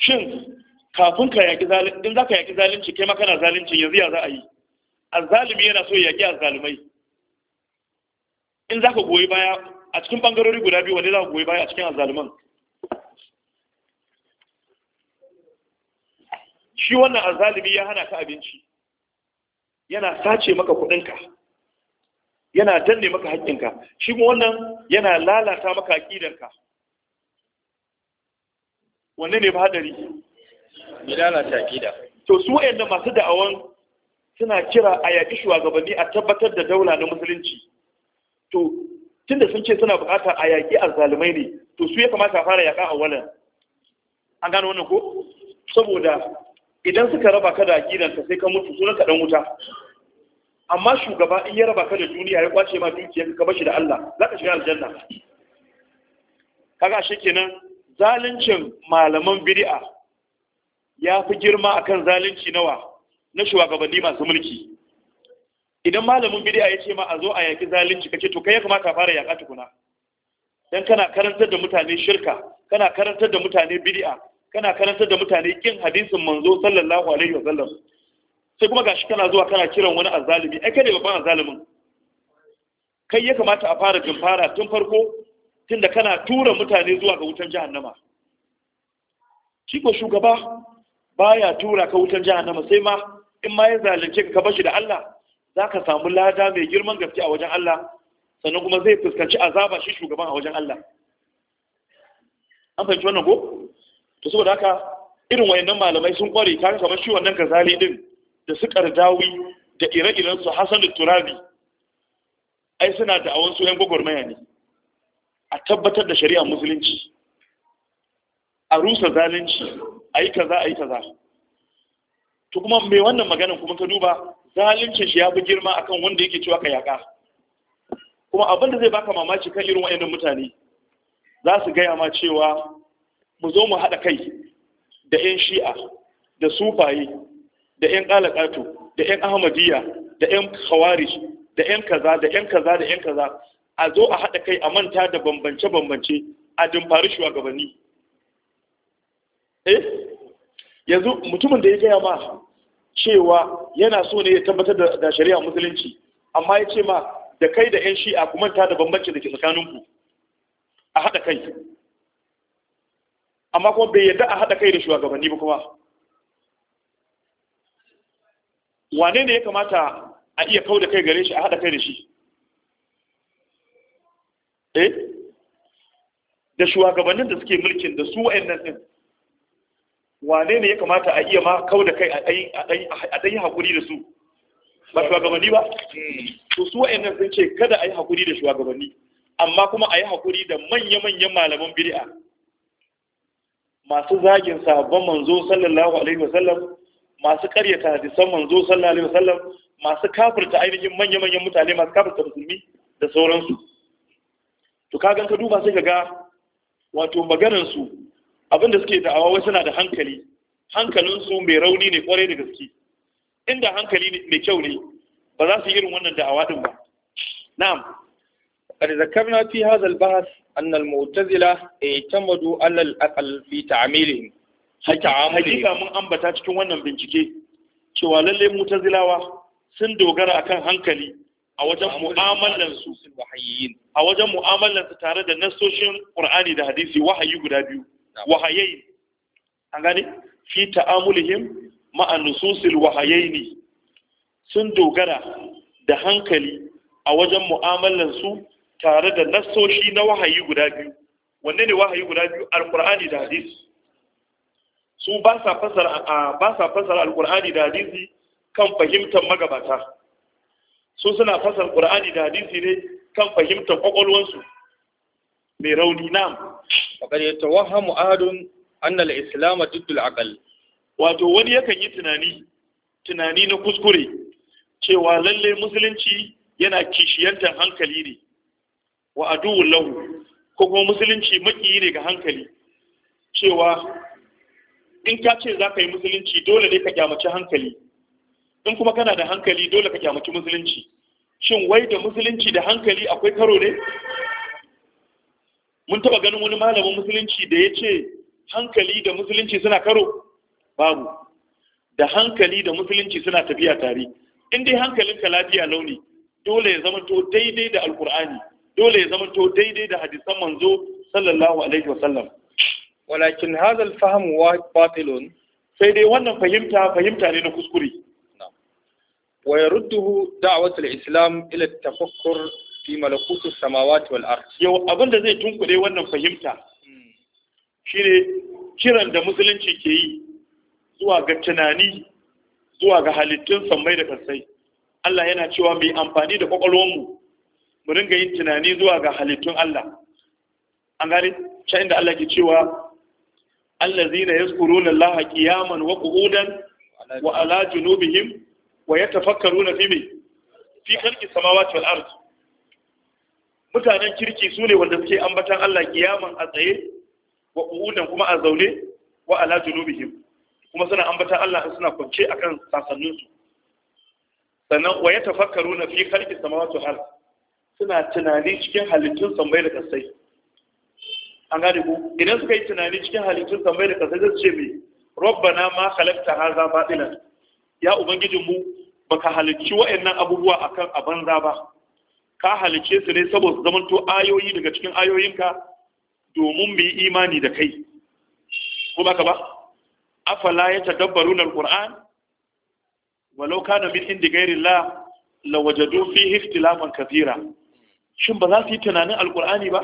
shin kafin ka yaki zalunci in zaka yaki zalunci kai ma kana zalunci yanzu ya za a yi azzalimi yana so ya yaki azzalimai in zaka goyi baya a cikin bangarori guda biyu wanda zaka goyi baya a cikin azzaliman shi wannan azzalimi ya hana ka abinci yana sace maka kuɗinka, yana danne maka haƙƙinka shi kuma wannan yana lalata maka aƙidarka wanne ne ba hadari lalata akida to su masu da'awan suna kira a yaƙi shugabanni a tabbatar da daula na musulunci to tunda sun ce suna buƙatar a yaƙi azzalumai ne to su ya kamata fara yaƙa a wannan an gano wannan ko saboda idan suka raba ka da ka sai ka mutu sunan ka dan wuta amma shugaba in ya raba ka da duniya ya kwace ma dukiyar ka bashi da Allah za ka shiga aljanna kaga shi kenan zaluncin malaman bid'a ya fi girma akan zalunci nawa na shugabanni masu mulki idan malamin bid'a ya ce ma a zo a yaki zalunci kace to kai ya kamata fara yaka tukuna dan kana karantar da mutane shirka kana karantar da mutane bid'a kana karantar da mutane kin hadisin manzo sallallahu alaihi wasallam sai kuma gashi kana zuwa kana kiran wani azzalimi ai kai ne babban azzalimin kai ya kamata a fara jin fara tun farko tunda kana tura mutane zuwa ga wutan jahannama shi ko shugaba baya tura ka wutan jihar jahannama sai ma in ma ya zalunce ka bashi da Allah ka samu lada mai girman gaske a wajen Allah sannan kuma zai fuskanci azaba shi shugaban a wajen Allah an fahimci wannan ko to saboda haka irin wayannan malamai sun kware ta kamar shi wannan gazali din da su dawi da ire-iren su Hassan Turabi ai suna da awan su yan gwagwarmaya ne a tabbatar da shari'a musulunci a rusa zalunci a yi kaza a yi kaza to kuma mai wannan maganin kuma ka duba zaluncin shi ya fi girma akan wanda yake cewa ka yaƙa kuma abin da zai baka mamaci kan irin wa'annan mutane za su gaya ma cewa mu zo mu haɗa kai da 'yan shi'a da sufaye da 'yan ƙalaƙato da 'yan ahmadiyya da 'yan khawarij da 'yan kaza da 'yan kaza da 'yan kaza a zo a haɗa kai a manta da bambance-bambance a dimfari shugabanni eh yanzu mutumin da ya gaya ma cewa yana so ne ya tabbatar da shari'a musulunci amma ya ce ma da kai da 'yan shi'a ku manta da bambance da ke tsakaninku a haɗa kai amma kuma bai yadda a haɗa kai da shugabanni ba kuma wane ne ya kamata a iya kau da kai gare shi a haɗa kai da shi Eh? da shugabannin da suke mulkin da su wa'annan din wane ne ya kamata a iya ma kau da kai a ɗanyi haƙuri da su ba shugabanni ba hmm. to su wa'annan sun ce kada a yi haƙuri da shugabanni amma kuma a yi haƙuri da manya-manyan malaman biri'a masu zagin sabon manzo sallallahu alaihi wasallam masu karyata hadisan manzo sallallahu alaihi wasallam masu kafirta ainihin manya-manyan mutane masu kafirta musulmi da sauransu to ka gan ka duba sai ka ga wato maganar su abinda suke da'awa wai suna da hankali hankalin su mai rauni ne kwarai da gaske inda hankali mai kyau ne ba za su yi irin wannan da'awa din ba na'am قد ذكرنا في هذا البحث أن المعتزلة اعتمدوا على الأقل في تعاملهم حقيقة من ambata cikin wannan bincike cewa lalle mutazilawa sun dogara akan hankali a wajen mu'amalansu a wajen mu'amalansu tare da nasoshin Qur'ani da hadisi wahayi guda biyu wahayayi an gane fi ta'amulihim ma'a nususil wahayaini sun dogara da hankali a wajen mu'amalansu tare da nasoshi na wahayi guda biyu wanne ne wahayi guda biyu alqur'ani da hadisi su ba sa fasara ba sa fasara alqur'ani da hadisi kan fahimtar magabata su suna fasar qur'ani da hadisi ne kan fahimtar ƙwaƙwalwansu mai rauni nam faqad ta ahadun mu'adun al-islam diddul wato wani yakan yi tunani tunani na kuskure cewa lalle musulunci yana kishiyantar hankali ne wa aduwwul lahu ko kuma musulunci makiyi ne ga hankali cewa in ka ce za ka yi musulunci dole ne ka kyamaci hankali in kuma kana da hankali dole ka kyamaci musulunci shin wai da musulunci da hankali akwai karo ne mun taba ganin wani malamin musulunci da ya ce hankali da musulunci suna karo babu da hankali da musulunci suna tafiya tare in dai hankalinka lafiya launi dole ya zama to daidai da alkur'ani dole ya zama to daidai da hadisan manzo sallallahu alaihi wasallam walakin hadha alfahm batilun sai dai wannan fahimta fahimta ne na kuskure wa yarudduhu da'watul islam ila tafakkur fi malakutu samawati wal ard yau abinda zai tunkure wannan fahimta shine kiran da musulunci ke yi zuwa ga tunani zuwa ga halittun sammai da kasai Allah yana cewa mai amfani da kwakwalwarmu mu ringa yin tunani zuwa ga halittun Allah an gane ta inda Allah ke cewa allazina yazkuruna Allah qiyaman wa qu'udan wa ala junubihim wa ya tafakkaru na fi mai fi karki samawati wal ard mutanen kirki su ne wanda suke ambatan Allah kiyaman a tsaye wa qu'udan kuma a zaune wa ala junubihim kuma suna ambatan Allah suna kwance akan kan su sannan wa ya tafakkaru na fi karki samawati wal ard suna tunani cikin halittun sammai da kasai an gane ku idan suka yi tunani cikin halittun sammai da kasai zai ce mai rabbana ma har hadha batilan ya ubangijinmu baka halicci wa'annan abubuwa akan a banza ba ka halicce su ne saboda zamanto ayoyi daga cikin ayoyinka domin mu yi imani da kai ko baka ba afala ya tadabbaruna alquran walau kana min indi la waje fihi ikhtilafan kathira shin ba za su yi tunanin alqurani ba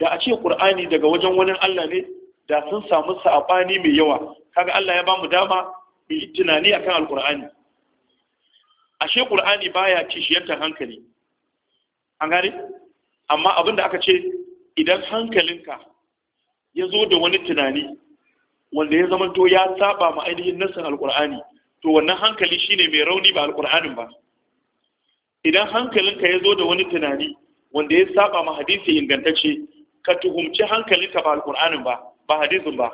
da a ce qur'ani daga wajen wani Allah ne da sun samu saɓani mai yawa kaga Allah ya ba mu dama tunani akan alqur'ani ashe qur'ani baya kishiyantar hankali an gane amma abin da aka ce idan hankalinka ya zo da wani tunani wanda ya zama to ya saba ma ainihin nassin alqur'ani to wannan hankali shine mai rauni ba alqur'anin ba idan hankalinka ya zo da wani tunani wanda ya saba ma hadisi ingantacce ka tuhumci hankalinka ba alqur'anin ba ba hadisin ba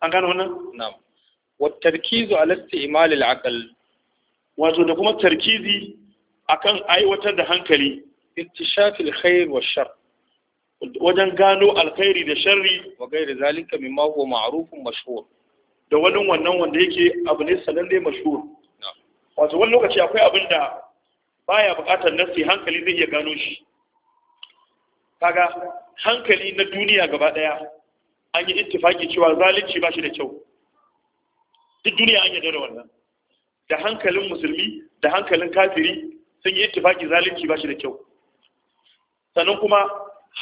an gane wannan na'am والتركيز على استعمال العقل wato da kuma tarkizi akan aiwatar da hankali intishafil khair wa shar wajen gano alkhairi da sharri wa gairi zalika mimma huwa ma'rufun mashhur da wani wannan wanda yake abu ne sananne mashhur wato wani lokaci akwai abin da baya buƙatar nasi hankali zai iya gano shi kaga hankali na duniya gaba daya an yi ittifaki cewa zalunci ba shi da kyau duk duniya an yarda da wannan da hankalin musulmi da hankalin kafiri sun yi ittifaki zalunci ba shi da kyau sannan kuma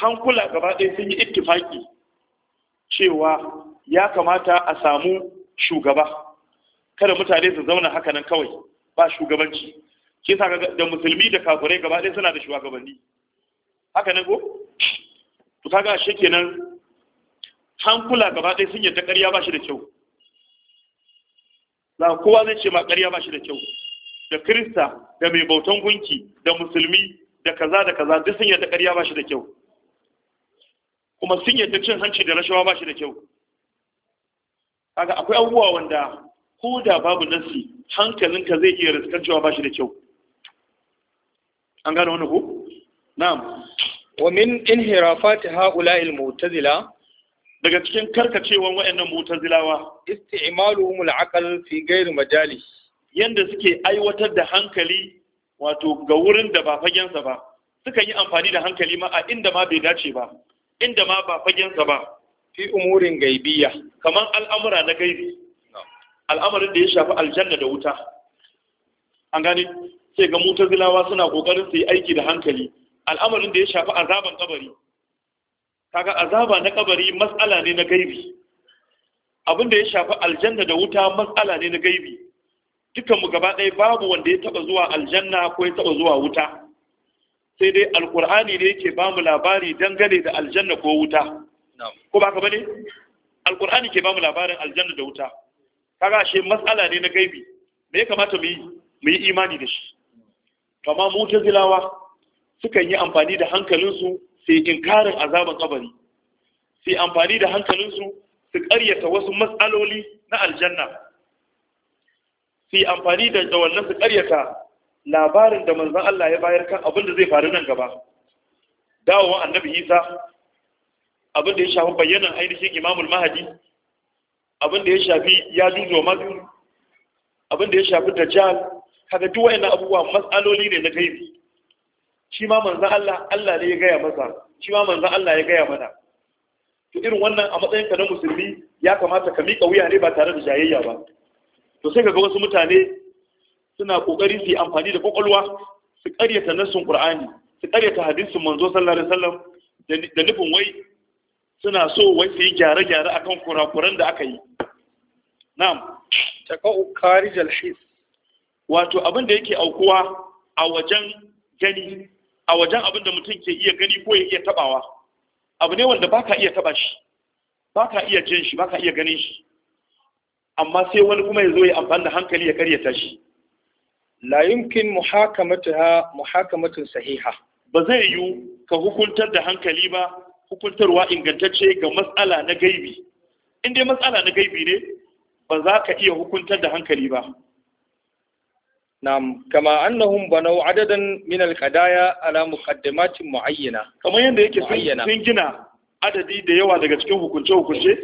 hankula gaba ɗaya sun yi ittifaki cewa ya kamata a samu shugaba kada mutane su zauna haka nan kawai ba shugabanci shi sa da musulmi da kafirai gaba ɗaya suna da shugabanni haka nan ko to kaga shi kenan hankula gaba ɗaya sun yarda ƙarya ba shi da kyau za kowa zai ce ma karya ba shi da kyau da kirista da mai bautan gunki da musulmi da kaza da kaza duk sun yadda ƙarya ba shi da kyau kuma sun yadda cin hanci da rashawa ba shi da kyau kaga akwai abubuwa wanda ko da babu nasi hankalinka zai iya riskar cewa ba shi da kyau an gane wani ku na'am wa min inhirafati ha'ula'il mu'tazila daga cikin karkacewan wa'annan mutazilawa isti'maluhum al fi ghairi majali yanda suke aiwatar da hankali wato ga wurin da ba sa ba sukan yi amfani da hankali ma a inda ma bai dace ba inda ma ba sa ba fi umurin gaibiya kamar al'amura na gaibi al'amarin da ya shafi aljanna da wuta an gane sai ga mutazilawa suna kokarin su yi aiki da hankali al'amarin da ya shafi azaban kabari kaga azaba na kabari mas'ala ne na gaibi abin da ya shafi aljanna da wuta mas'ala ne na gaibi Dukkanmu gaba ɗaya babu wanda ya taba zuwa aljanna ko ya taba zuwa wuta sai dai alkur'ani ne yake ba mu labari dangane da aljanna ko wuta ko ba ka bane alkur'ani ke ba mu labarin aljanna da wuta kaga ashe matsala ne na gaibi me ya kamata mu yi mu yi imani da shi to amma mutazilawa sukan yi amfani da hankalinsu sai yi inkarin azaban kabari sai amfani da hankalinsu su karyata wasu matsaloli na aljanna sai amfani da wannan su karyata labarin da manzan Allah ya bayar kan abin da zai faru nan gaba dawowa annabi isa abin da ya shafi bayanan ainihin imamul mahadi abin da ya shafi ya juzo mazu abin da ya shafi dajjal kaga duk wayannan abubuwa matsaloli ne na gaibi shi ma manzan Allah Allah ne ya gaya masa shi ma manzan Allah ya gaya mana to irin wannan a matsayin ka na musulmi ya kamata ka miƙa wuya ne ba tare da jayayya ba to sai kaga wasu mutane suna kokari su yi amfani da kokolwa su karyata nassun Qur'ani su karyata hadisin manzo sallallahu alaihi wasallam da nufin wai suna so wai su yi gyare-gyare akan kurakuran da aka yi na'am taqa'u kharijal his wato abin da yake aukuwa a wajen gani a wajen abin da mutum ke iya gani ko ya iya tabawa abu ne wanda baka iya taba shi baka iya jin shi baka iya ganin shi amma sai wani kuma ya zo ya amfani da hankali ya karyata shi la yumkin muhakamatuha muhakamatun sahiha ba zai yiwu ka hukuntar da hankali ba hukuntarwa ingantacce ga matsala na gaibi in dai matsala na gaibi ne ba za ka iya hukuntar da hankali ba Na'am, kama banau adadan min al-qadaya ala muayyana. Kamar yadda yake sun gina adadi da yawa daga cikin hukunce-hukunce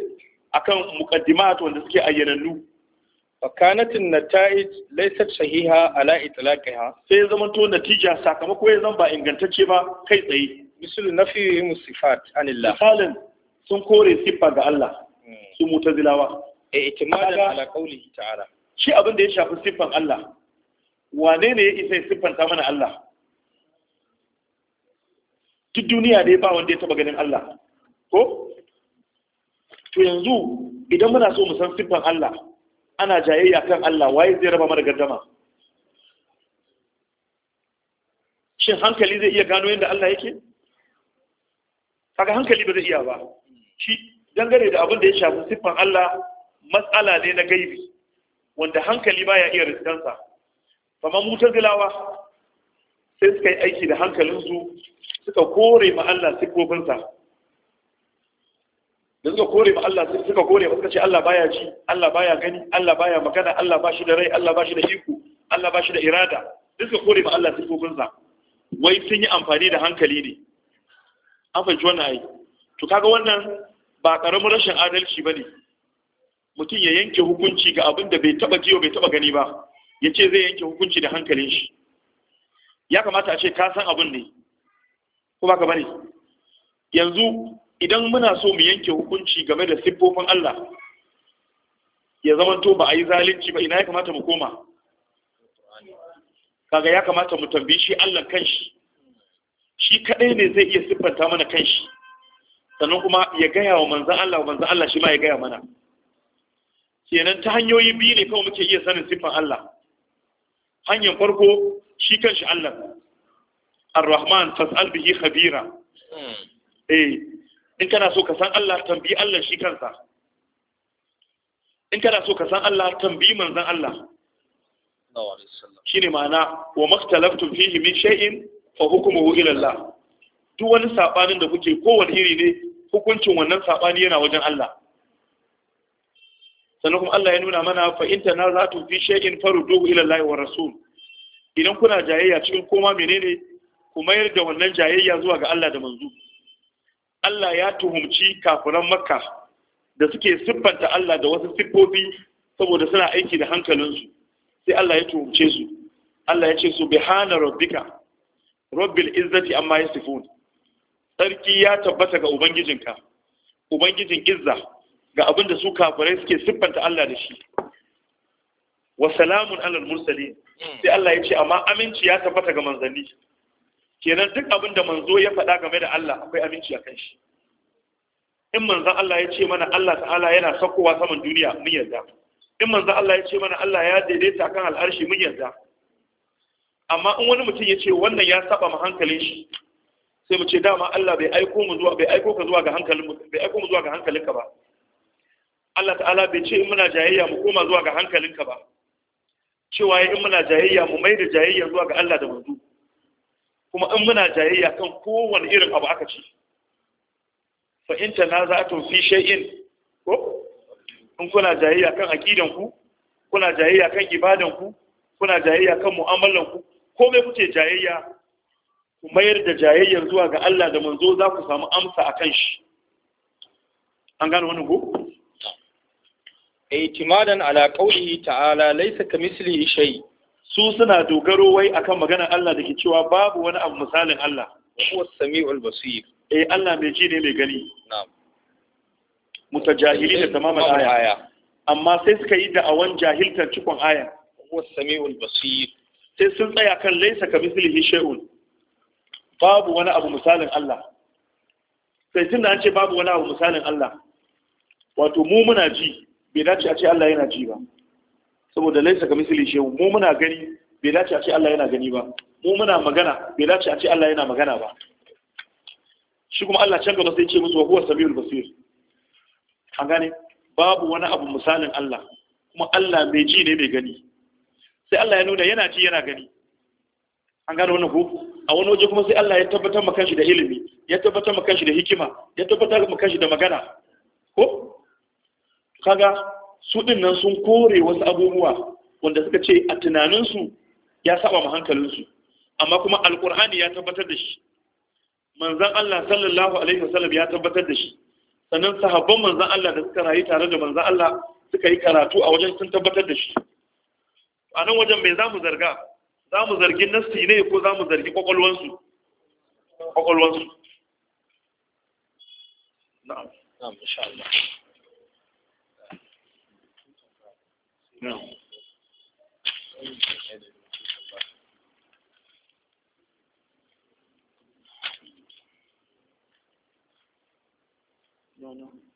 akan muqaddimat wanda suke ayyanannu. Fakanatin nata'ij laysat sahiha ala itlaqiha. Sai zaman to natija sakamako ya zan ba ingantacce ba kai tsaye. Misal nafi musifat anillah. Misalin sun kore siffa ga Allah. Hmm. Su mutazilawa. E itimadan ala qawlihi ta'ala. Shi abin ya shafi siffan Allah wane ne ya isa siffanta mana Allah duk duniya dai ba wanda ya taba ganin Allah ko to yanzu idan muna so mu san siffan Allah ana jayayya kan Allah waye zai raba mana gardama shin hankali zai iya gano yadda Allah yake kaga hankali ba zai iya ba shi dangane da abin da ya shafi siffan Allah matsala ne na gaibi wanda hankali baya iya riskansa kamar mutazilawa sai suka yi aiki da hankalinsu suka kore ma Allah siffofinsa da suka kore ma Allah suka kore suka ce Allah baya ji Allah baya gani Allah baya magana Allah ba shi da rai Allah ba shi da iko Allah ba shi da irada suka kore ma Allah siffofinsa wai sun yi amfani da hankali ne an fahimci wannan ai to kaga wannan ba karamin rashin adalci bane mutum ya yanke hukunci ga abin da bai taba jiyo bai taba gani ba ya ce zai yanke hukunci da hankalin shi ya kamata a ce ka san abin ne ko baka bari. yanzu idan muna so mu yanke hukunci game da siffofin Allah ya zamanto ba a yi zalunci ba ina ya kamata mu koma kaga ya kamata mu tambayi shi Allah kanshi shi kadai ne zai iya siffanta mana kanshi sannan kuma ya gaya wa manzan Allah manzan Allah shi ma ya gaya mana kenan ta hanyoyi biyu ne kawai muke iya sanin siffan Allah hanyar farko shi kan shi Allah ar-rahman fas'al bihi khabira hmm. eh in kana so ka san Allah tambayi Allah shi kansa in kana so ka san Allah tambayi manzon Allah shine ma'ana wa maktalaftum fihi min shay'in fa hukmuhu ila Allah duk wani sabanin da kuke kowanne iri ne hukuncin wannan sabani yana wajen Allah sannan kuma Allah ya nuna mana fa in tanazatu fi shay'in farudduhu ila Allah wa rasul idan kuna jayayya cikin koma menene ku mayar da wannan jayayya zuwa ga Allah da manzo Allah ya tuhumci kafiran Makka da suke siffanta Allah da wasu siffofi saboda suna aiki da hankalinsu sai Allah ya tuhumce su Allah ya ce subhana rabbika rabbil izzati amma yasifun sarki ya tabbata ga ubangijinka ubangijin izza ga abin da su kafirai suke siffanta Allah da shi wa salamun alal mursalin hmm. sai Allah ya ce amma aminci ya tabbata ga manzanni kenan duk abin da manzo ya faɗa game da Allah akwai aminci a kan shi in manzan Allah ya ce mana Allah ta'ala yana sakowa saman duniya mun yarda in manzan Allah ya ce mana Allah ya daidaita kan al'arshi mun yarda amma in wani mutum ya ce wannan ya saba ma hankalin shi sai mu ce dama Allah bai aiko mu zuwa bai aiko ka zuwa ga hankalin bai aiko mu zuwa ga hankalinka ba Allah ta'ala bai ce in muna jayayya mu koma zuwa ga hankalinka ba cewa in muna jayayya mu mai da jayayya zuwa ga Allah da manzo kuma in muna jayayya kan kowane irin abu aka ci fa in ta fi shay'in ko in kuna jayayya kan aqidan ku kuna jayayya kan ibadan ku kuna jayayya kan mu'amalan ku komai kuke jayayya ku mayar da jayayyar zuwa ga Allah da manzo za ku samu amsa akan shi an gano wannan ko itimadan ala qawlihi ta'ala laysa kamithlihi shay su suna dogaro wai akan maganar Allah da ke cewa babu wani abu misalin Allah huwa samiul basir eh Allah mai ji ne mai gani na'am mutajahilin da tamamin aya amma sai suka yi da awan jahiltar cikon aya huwa samiul basir sai sun tsaya kan laysa kamithlihi shay'un babu wani abu misalin Allah sai tunda an ce babu wani abu misalin Allah wato mu muna ji bai dace a ce Allah yana ji ba saboda laisa misali shehu mu muna gani bai dace a ce Allah yana gani ba mu muna magana bai dace a ce Allah yana magana ba shi kuma Allah can gaba sai ce musu wa huwa samiul basir an gane babu wani abu misalin Allah kuma Allah mai ji ne mai gani sai Allah ya nuna yana ji yana gani an gane wannan ko a wani waje kuma sai Allah ya tabbatar maka shi da ilimi ya tabbatar maka shi da hikima ya tabbatar maka shi da magana ko kaga su ɗin nan sun kore wasu abubuwa wanda suka ce a tunaninsu ya saba ma hankalinsu amma kuma alkur'ani ya tabbatar da shi manzan Allah sallallahu alaihi wasallam ya tabbatar da shi sannan sahabban manzan Allah da suka rayu tare da manzan Allah suka yi karatu a wajen sun tabbatar da shi a nan wajen mai zamu zarga zamu zargi nassi ne ko zamu zargi kwakwalwansu kwakwalwansu na'am na'am insha Allah نعم نعم, نعم.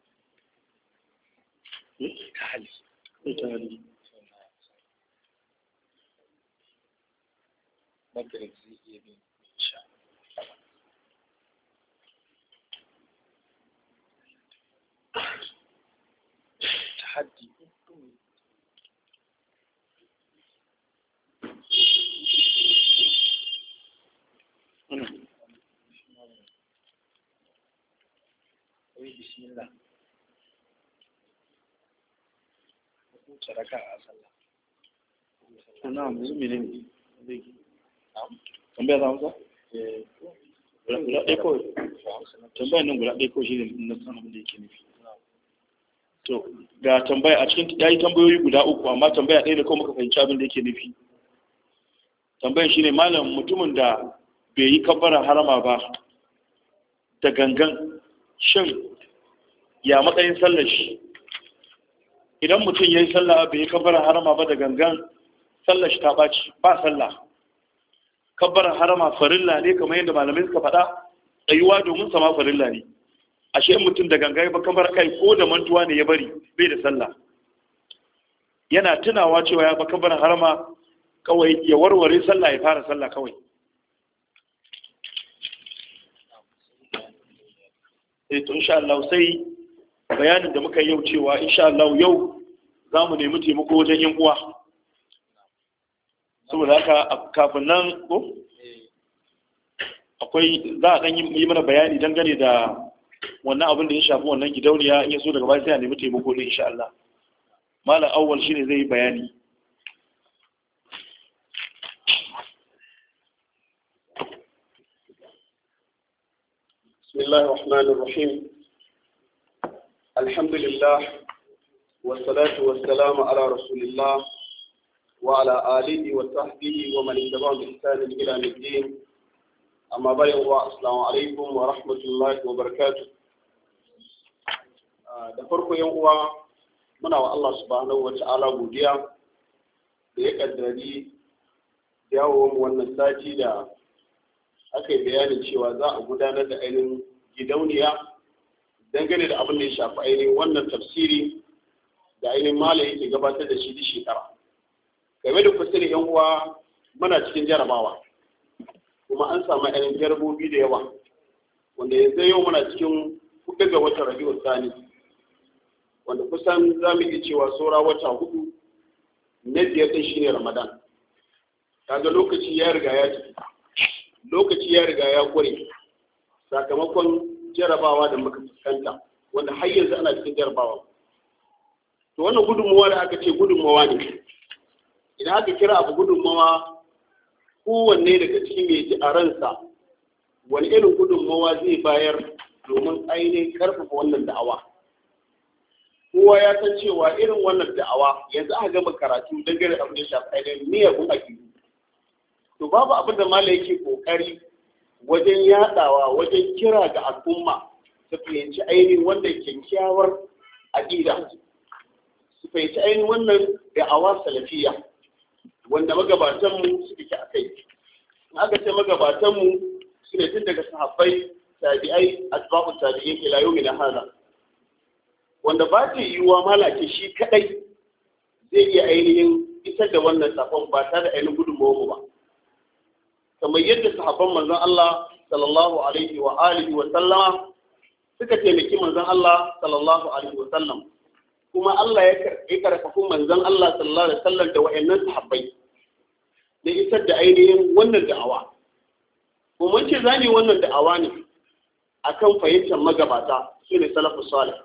تحدي bismillah wuce raka a sallah na yanzu mene ne zai tambaya za mu sa guda ɗaya kawai tambayar nan guda ɗaya kawai shi ne na san abin da yake nufi to ga tambaya a cikin ya yi tambayoyi guda uku amma tambaya ɗaya da kawai muka fahimci abin da yake nufi tambayar shi ne malam mutumin da bai yi kabbara harama ba da gangan shin ya matsayin sallar shi idan mutum ya yi sallah bai yi kabbarar harama ba da gangan sallar shi ta ɓaci ba sallah Kabbarin harama farilla ne kamar yadda malamai suka faɗa tsayuwa domin sama farilla ne ashe mutum da gangan ba kabbar kai ko da mantuwa ne ya bari bai da sallah yana tunawa cewa ya ba kabbarar harama kawai ya warware sallah ya fara sallah kawai eh to insha Allah sai bayanin da muka yau cewa insha Allah yau za mu nemi taimako wajen yin uwa saboda haka kafin nan ko akwai za a dan yi mana bayani dangane da wannan abin da ya shafi wannan gidauniya in ya so daga baya sai a nemi taimako ne insha Allah malam awwal shine zai yi bayani بسم الله الرحمن الرحيم الحمد لله والصلاة والسلام على رسول الله وعلى آله وصحبه ومن اتبع بإحسان إلى الدين أما بعد السلام عليكم ورحمة الله وبركاته da farko yan uwa muna wa Allah subhanahu wata'ala godiya da ya kaddari yawon wannan sati da aka yi bayanin cewa za a gudanar da ainihin gidauniya dangane da abin da ya shafi ainihin wannan tafsiri da ainihin malam yake gabatar da shi duk shekara game da kusurin yan uwa muna cikin jarabawa kuma an samu ainihin jarabobi da yawa wanda yanzu yau muna cikin hudu ga watan rabi'ul sani wanda kusan za mu iya cewa saura wata hudu na biyar ɗin shine ramadan kaga lokaci ya riga ya lokaci ya riga ya kware sakamakon jarabawa da muka fuskanta wanda har yanzu ana cikin jarabawa to wannan gudunmawa da aka ce gudunmawa ne idan aka kira abu gudunmawa kowanne daga cikin mai ji a ransa wani irin gudunmawa zai bayar domin ainihin karfafa wannan da'awa kowa ya san cewa irin wannan da'awa yanzu aka gama karatu dangane abin da shafi ainihin miyagun akidu to babu abin da mala yake kokari wajen yadawa wajen kira ga al'umma su fahimci ainihin wannan kyankyawar aƙida su fahimci ainihin wannan da awa salafiya wanda magabatanmu su fi a kai aka ce magabatanmu su ne tun daga sahabbai tabi'ai asbabun tabi'in ilayu mai na wanda ba ta yiwuwa malaki shi kadai zai iya ainihin isar da wannan safon ba tare da ainihin gudunmawa ba kamar yadda sahabban manzon Allah sallallahu alaihi wa alihi wa sallama suka taimaki manzon Allah sallallahu alaihi wa sallam kuma Allah ya karfafi manzon Allah sallallahu alaihi wa sallam da wayannan sahabbai da isar da ainihin wannan da'awa ko mun ce zani wannan da'awa ne akan fahimtar magabata shine salafus salih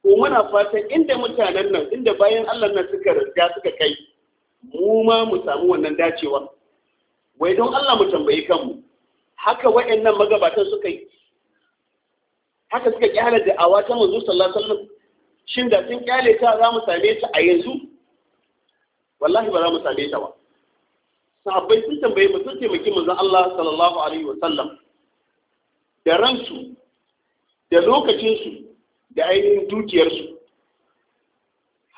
ko muna fatan inda mutanen nan inda bayan Allah nan suka riga suka kai mu ma mu samu wannan dacewa wai don Allah mu tambayi kanmu haka waɗannan magabatan suka yi haka suka kyale da awa ta manzo sallallahu alaihi wasallam shin da sun kyale ta za mu same ta a yanzu wallahi ba za mu same ta ba sahabbai sun tambaye mu sun taimaki manzo Allah sallallahu alaihi wasallam da ransu da lokacinsu da ainihin dukiyarsu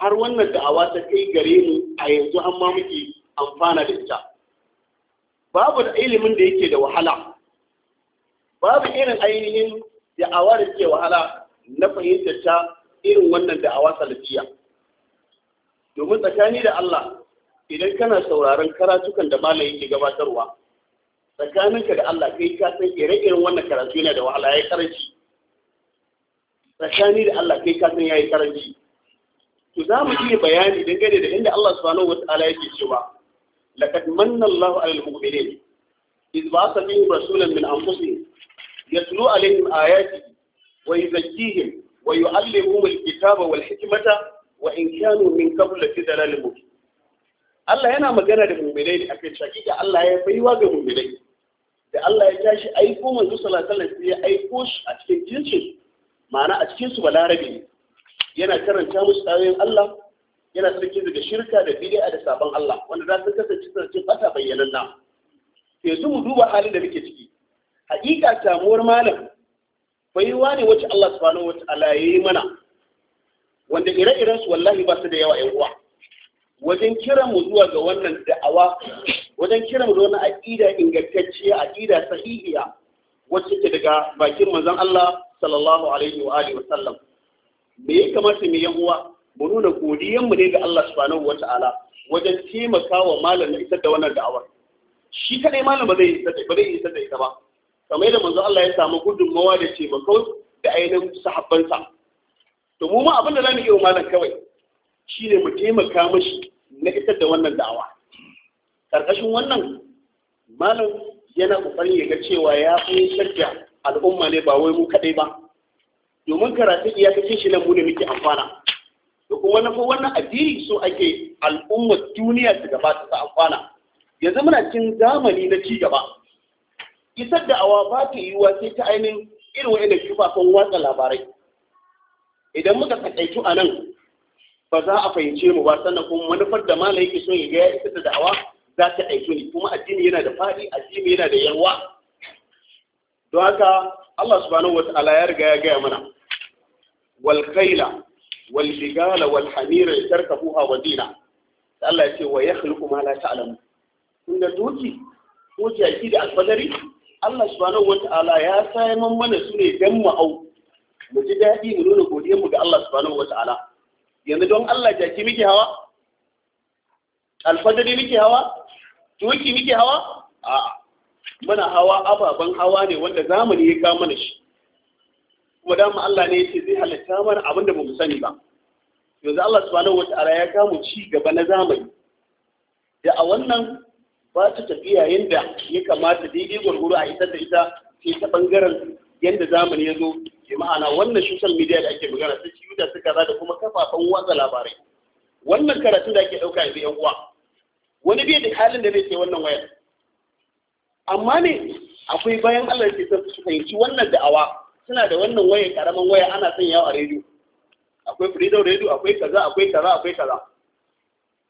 har wannan da'awa ta kai gare mu a yanzu an ma muke amfana da ita babu da ilimin da yake da wahala babu irin ainihin da'awa da ke wahala na fahimtar ta irin wannan da'awa salafiya domin tsakani da Allah idan kana sauraron karatukan da malam yake gabatarwa tsakaninka da Allah kai ka san ire-iren wannan karatu yana da wahala ya karanci tsakani da Allah kai ka san yayi karanci to za mu yi bayani dangane da inda Allah subhanahu wataala yake cewa لقد من الله على المؤمنين إذ بعث فيهم رسولا من أنفسهم يتلو عليهم آياته ويزكيهم ويعلمهم الكتاب والحكمة وإن كانوا من قبل لفي ضلال مبين Allah yana magana da muminai ne akan shakika Allah ya baiwa ga muminai da Allah ya tashi aiko manzo sallallahu alaihi wasallam ya aiko shi a cikin jinsin ma'ana a cikin su balarabi yana karanta musu ayoyin Allah yana sarki daga shirka da bid'a da sabon Allah wanda za su kasance sarkin bata bayyananna sai su mu duba halin da muke ciki hakika samuwar malam baiwa ne wacce Allah subhanahu wataala ya yi mana wanda ire-iren su wallahi ba su da yawa yan uwa wajen kiran mu zuwa ga wannan da'awa wajen kiran mu da wannan aqida ingantacciya aqida sahihiya wacce ke daga bakin manzon Allah sallallahu alaihi wa alihi wa sallam me ya kamata mu yan uwa mu nuna mu ne ga Allah subhanahu wa ta'ala wajen taimakawa malam na isar da wannan da'awar shi kadai malam ba zai isar da bai isar da ita ba kamar yadda manzo Allah ya samu gudunmawa da taimako da ainihin sahabbansa to mu ma abin da zamu wa malam kawai shine mu taimaka mashi na isar da wannan da'awa karkashin wannan malam yana kokarin ya ga cewa ya fahimtar da al'umma ne ba wai mu kadai ba domin karatun iyakacin shi nan mu ne muke amfana da kuma na wannan addini so ake al'ummar duniya su gaba ta amfana yanzu muna cin zamani na ci gaba isar da awa ba ta yiwuwa sai ta ainihin irin wa'ina kafafen watsa labarai idan muka takaitu a nan ba za a fahimce mu ba sannan kuma manufar da malai yake so ya ga ya isar da da'awa za ta aiki ne kuma addini yana da faɗi addini yana da yalwa don haka Allah subhanahu wa ta'ala ya riga ya gaya mana wal khaila wal bigala wal hamira tarkabuha wa ce wa yakhluqu ma la ta'lamu inda doki ko jaki da alfadari Allah subhanahu wata'ala ya sayaman mana su ne dan mu au mu daɗi mu nuna godiyar mu ga Allah subhanahu wata'ala yanzu don Allah jaki muke hawa alfadari muke hawa doki muke hawa a'a muna hawa ababen hawa ne wanda zamani ya kawo mana shi kuma Allah ne yake zai halitta mana abin da ba mu sani ba yanzu Allah subhanahu wataala ya kamu ci gaba na zamani da a wannan ba ta tafiya yadda ya kamata daidai gwargwaro a isar da ita sai ta bangaren yadda zamani ya zo ke ma'ana wannan social media da ake magana sun ci da suka da kuma kafafen watsa labarai wannan karatun da ake ɗauka yanzu yan uwa wani bai da halin da zai ce wannan wayar amma ne akwai bayan Allah ke son su fahimci wannan da'awa suna da wannan waya karaman waya ana sanyawa a rediyo akwai freedom radio akwai kaza akwai kaza akwai kaza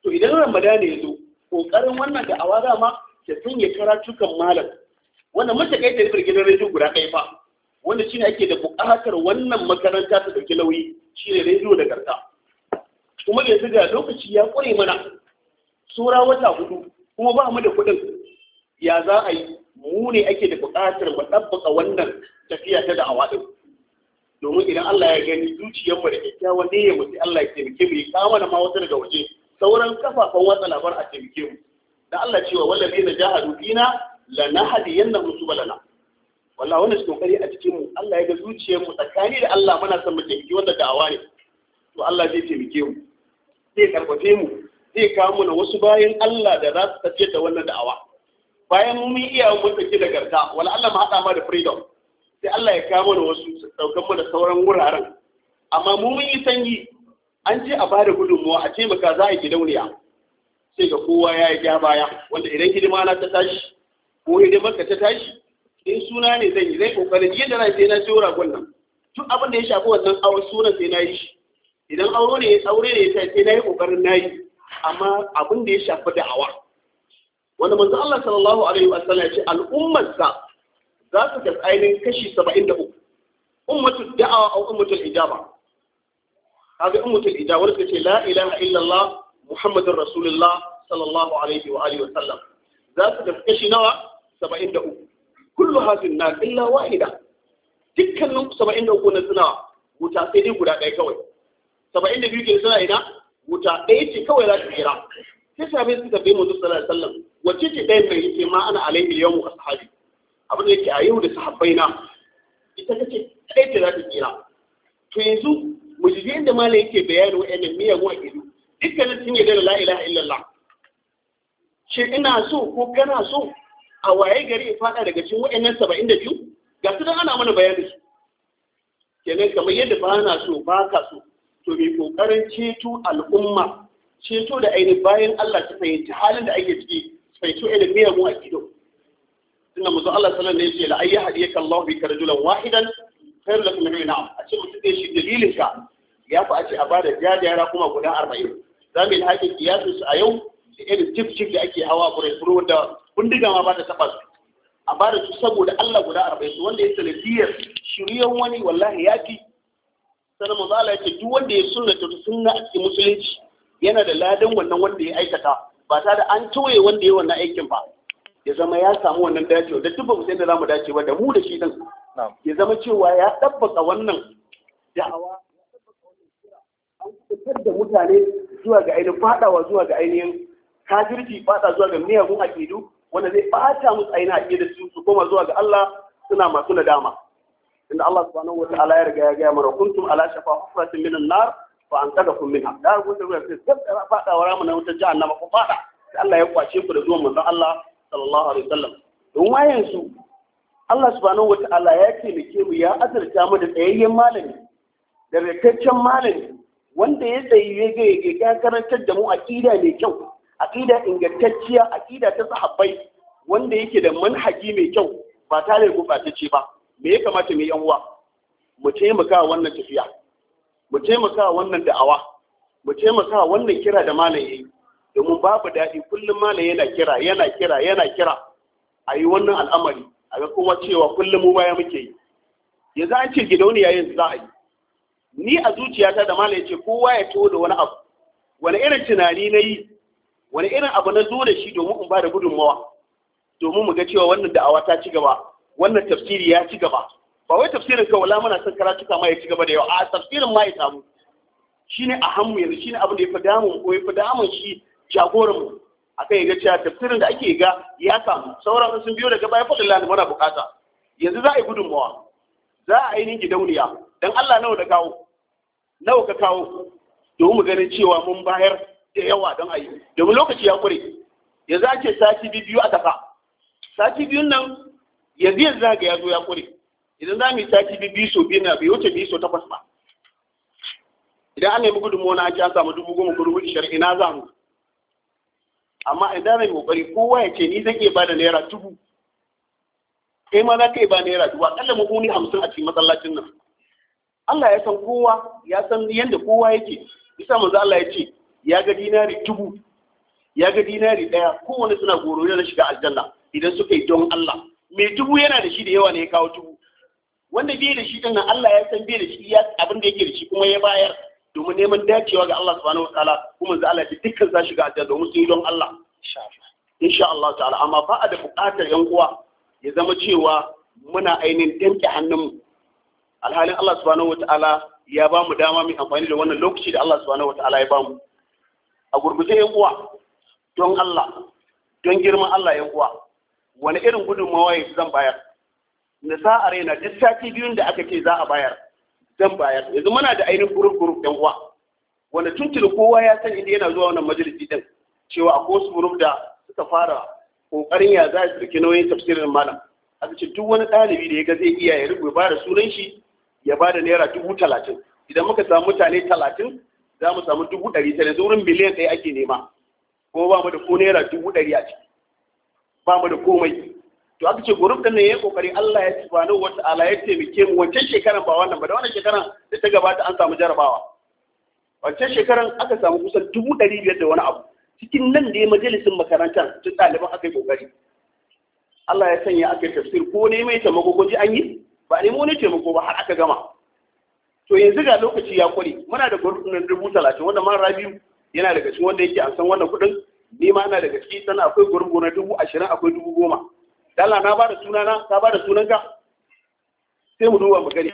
to idan ramadan ya zo kokarin wannan da awaza ma ta sanya karatukan malam Wanda mace kai ta gidan rediyo guda kai fa wanda shine ake da bukatar wannan makaranta ta dauki nauyi shine rediyo da karta kuma yanzu ga lokaci ya kure mana sura wata hudu kuma ba mu da kuɗin ya za a yi mu ne ake da buƙatar mu ɗabbaka wannan tafiya ta da'awa ɗin domin idan Allah ya gani zuciyarmu da kyakkyawa ne ya mutu Allah ya taimake mu ya kama na ma wata daga waje sauran kafafen watsa labar a taimake mu da Allah cewa wallazi na jahadu fina lanahdiyannahum Wala wallahi wannan kokari a cikin mu Allah ya ga zuciyar mu tsakani da Allah muna son mu taimake wanda da'awa ne to Allah zai taimake mu zai karfafe mu zai kawo mu wasu bayan Allah da za su tafiyar da wannan da'awa bayan mu mun iya mun da garta, wala Allah mu hada ma da freedom sai Allah ya kawo mana wasu su daukan mu da sauran wuraren amma mu mun yi sanyi an ce a bada gudunmuwa a taimaka za a yi gidauniya sai ga kowa ya yi ja baya wanda idan hidima na ta tashi ko hidimar ka ta tashi in suna ne zan yi zai kokarin yadda na sai na siyo ragon gwannan, duk abin da ya shafi wannan auren sunan sai na yi shi idan aure ne aure ne sai na yi kokarin na yi amma abin da ya shafi da'awa wanda manzo Allah sallallahu alaihi wa sallam ya ce al'ummarsa za su ga ainihin kashi 73 ummatu da'awa aw ummatu ijaba kaga ummatu ijaba wanda ce la ilaha illallah muhammadur rasulullah sallallahu alaihi wa alihi wa sallam za su ga kashi nawa 73 kullu hadin na illa wahida dukkanin 73 na suna wuta sai dai guda ɗaya kawai 72 ke suna ina wuta ɗaya ce kawai za ta tsira sai sahabbai sun tabbai manzo sallallahu alaihi wasallam wacce ce dai mai yake ma ana alaihi yawmu ashabi abin da yake a yau da sahabbai na ita kace kai ce za ta kira to yanzu mujizin da malai yake bayani wa'annan miyagun akidu dukkanin sun yarda da la ilaha illallah shi ina so ko kana so a waye gari ya fada daga cikin wa'annan saba'in da biyu ga su ana mana bayanin su kenan kamar yadda ba na so ba ka so to mai kokarin ceto al'umma ceto da aini bayan Allah ta fahimci halin da ake ciki fahimci irin miyar mu a gido tunda musu Allah sallallahu alaihi ya ce la'ayya ayya kan Allah bi karajulan wahidan khairu lakum min na'am a ce mutum zai shi dalilin ka ya fi a ce a bada jajara kuma guda arba'in. Za mu yi hakin kiyasu a yau da irin tip tip da ake hawa gurin furo da bindiga ma ba ta taba su a bada su saboda Allah guda 40 wanda ya sanadiyar shiryan wani wallahi ya fi sanar manzo Allah ya ce duk wanda ya sunna ta sunna a cikin musulunci yana da ladan wannan wanda ya aikata ba ta da an toye wanda ya wannan aikin ba ya zama ya samu wannan dacewa da mu musayin da za mu dace ba da mu da shi din ya zama cewa ya ɗabbaka wannan da'awa an fitar da mutane zuwa ga ainihin fadawa zuwa ga ainihin kafirci fada zuwa ga miyagun akidu wanda zai bata musu a da su su koma zuwa ga Allah suna masu nadama inda Allah subhanahu wa ta'ala ya riga ya gaya mara kuntum ala shafa hufratin minan nar fa an kada kun minha da ku da ku sai da fada wa ramu na wutar jahannama ku fada sai Allah ya kwace ku da zuwan manzon Allah sallallahu alaihi wasallam don wayan su Allah subhanahu wataala ya taimake mu ya azurta mu da tsayayyen malami da rikaccen malami wanda ya tsayi ya ga ya karantar da mu aqida mai kyau aqida ingantacciya aqida ta sahabbai wanda yake da manhaji mai kyau ba tare da gubatacce ba me ya kamata mu yi yan uwa mu taimaka wannan tafiya mu taimaka wannan da'awa mu taimaka wannan kira da malam yayi domin babu daɗi kullum malam yana kira yana kira yana kira a yi wannan al'amari a ga kuma cewa kullum mu baya muke yi yanzu an ce gidauniya yanzu za a yi ni a zuciyata da malam yace kowa ya to da wani abu wani irin tunani na yi wani irin abu na zo da shi domin in ba da gudunmawa domin mu ga cewa wannan da'awa ta ci gaba wannan tafsiri ya ci gaba ba wai tafsirin ka wala muna son karatu ka ya ci gaba da yawa a tafsirin ma ya samu shine a hannu yanzu shine abin da ya fi damun ko ya fi damun shi jagoran mu akai ga cewa tafsirin da ake ga ya samu sauran sun biyo daga baya fadin lani muna bukata yanzu za a yi gudunmawa za a ainihin gidauniya dan Allah nawa da kawo nawa ka kawo domin mu ganin cewa mun bayar da yawa don ayi domin lokaci ya kure yanzu ake sati biyu a tafa sati biyun nan yanzu yanzu ga ya zo ya kure idan za mu yi sati biyu so biyu na bai wuce biyu so takwas ba idan an nemi gudunmu na ake an samu dubu goma ko dubu ishirin ina za mu amma idan yi kokari kowa ya ce ni zan iya bada naira dubu kai ma za ka iya ba naira dubu akalla mu ni hamsin a cikin masallacin nan Allah ya san kowa ya san yadda kowa yake bisa manzo Allah ya ce ya ga dinari dubu ya ga dinari daya kowanne suna goro na shiga aljanna idan suka yi don Allah mai dubu yana da shi da yawa ne ya kawo dubu wanda bai da shi din nan Allah ya san bai da shi ya abin da yake da shi kuma ya bayar domin neman dacewa ga Allah subhanahu wa ta'ala kuma za Allah dukkan za shiga aljanna domin sun yi don Allah insha Allah ta'ala amma ba a da buƙatar yan uwa ya zama cewa muna ainihin danke hannunmu alhalin Allah subhanahu wa ta'ala ya ba mu dama mai amfani da wannan lokaci da Allah subhanahu wa ta'ala ya ba mu a gurguje yan uwa don Allah don girman Allah yan uwa wani irin gudunmawa ya zan bayar na sa a raina duk sati biyun da aka ce za a bayar zan bayar yanzu muna da ainihin gurup gurup ɗan uwa wanda tuntuni kowa ya san inda yana zuwa wannan majalisi din cewa akwai wasu gurup da suka fara kokarin ya za a ɗauki nauyin tafsirin malam A ce duk wani ɗalibi da ya ga zai iya ya rubuta ba da sunan shi ya ba da naira dubu talatin idan muka samu mutane talatin za mu samu dubu ɗari ta yanzu wurin miliyan ɗaya ake nema ko ba mu da ko naira dubu ɗari a ciki ba mu da komai to aka ce group da ne yi kokari Allah ya wata ala ya taimake mu wancan shekaran ba wannan ba da wannan shekaran da ta gabata an samu jarabawa wancan shekaran aka samu kusan dubu ɗari biyar da wani abu cikin nan da ya majalisin makarantar tun ɗaliban aka yi kokari Allah ya sanya aka yi tafsir ko ne mai taimako ko ji an yi ba ne mu ne taimako ba har aka gama to yanzu ga lokaci ya kware muna da da dubu talatin wanda man rabiu yana daga cikin wanda yake an san wannan kuɗin ni ma ina daga ciki sannan akwai gona dubu ashirin akwai dubu goma dala na ba da sunana ka ba da sunanka sai mu duba magani.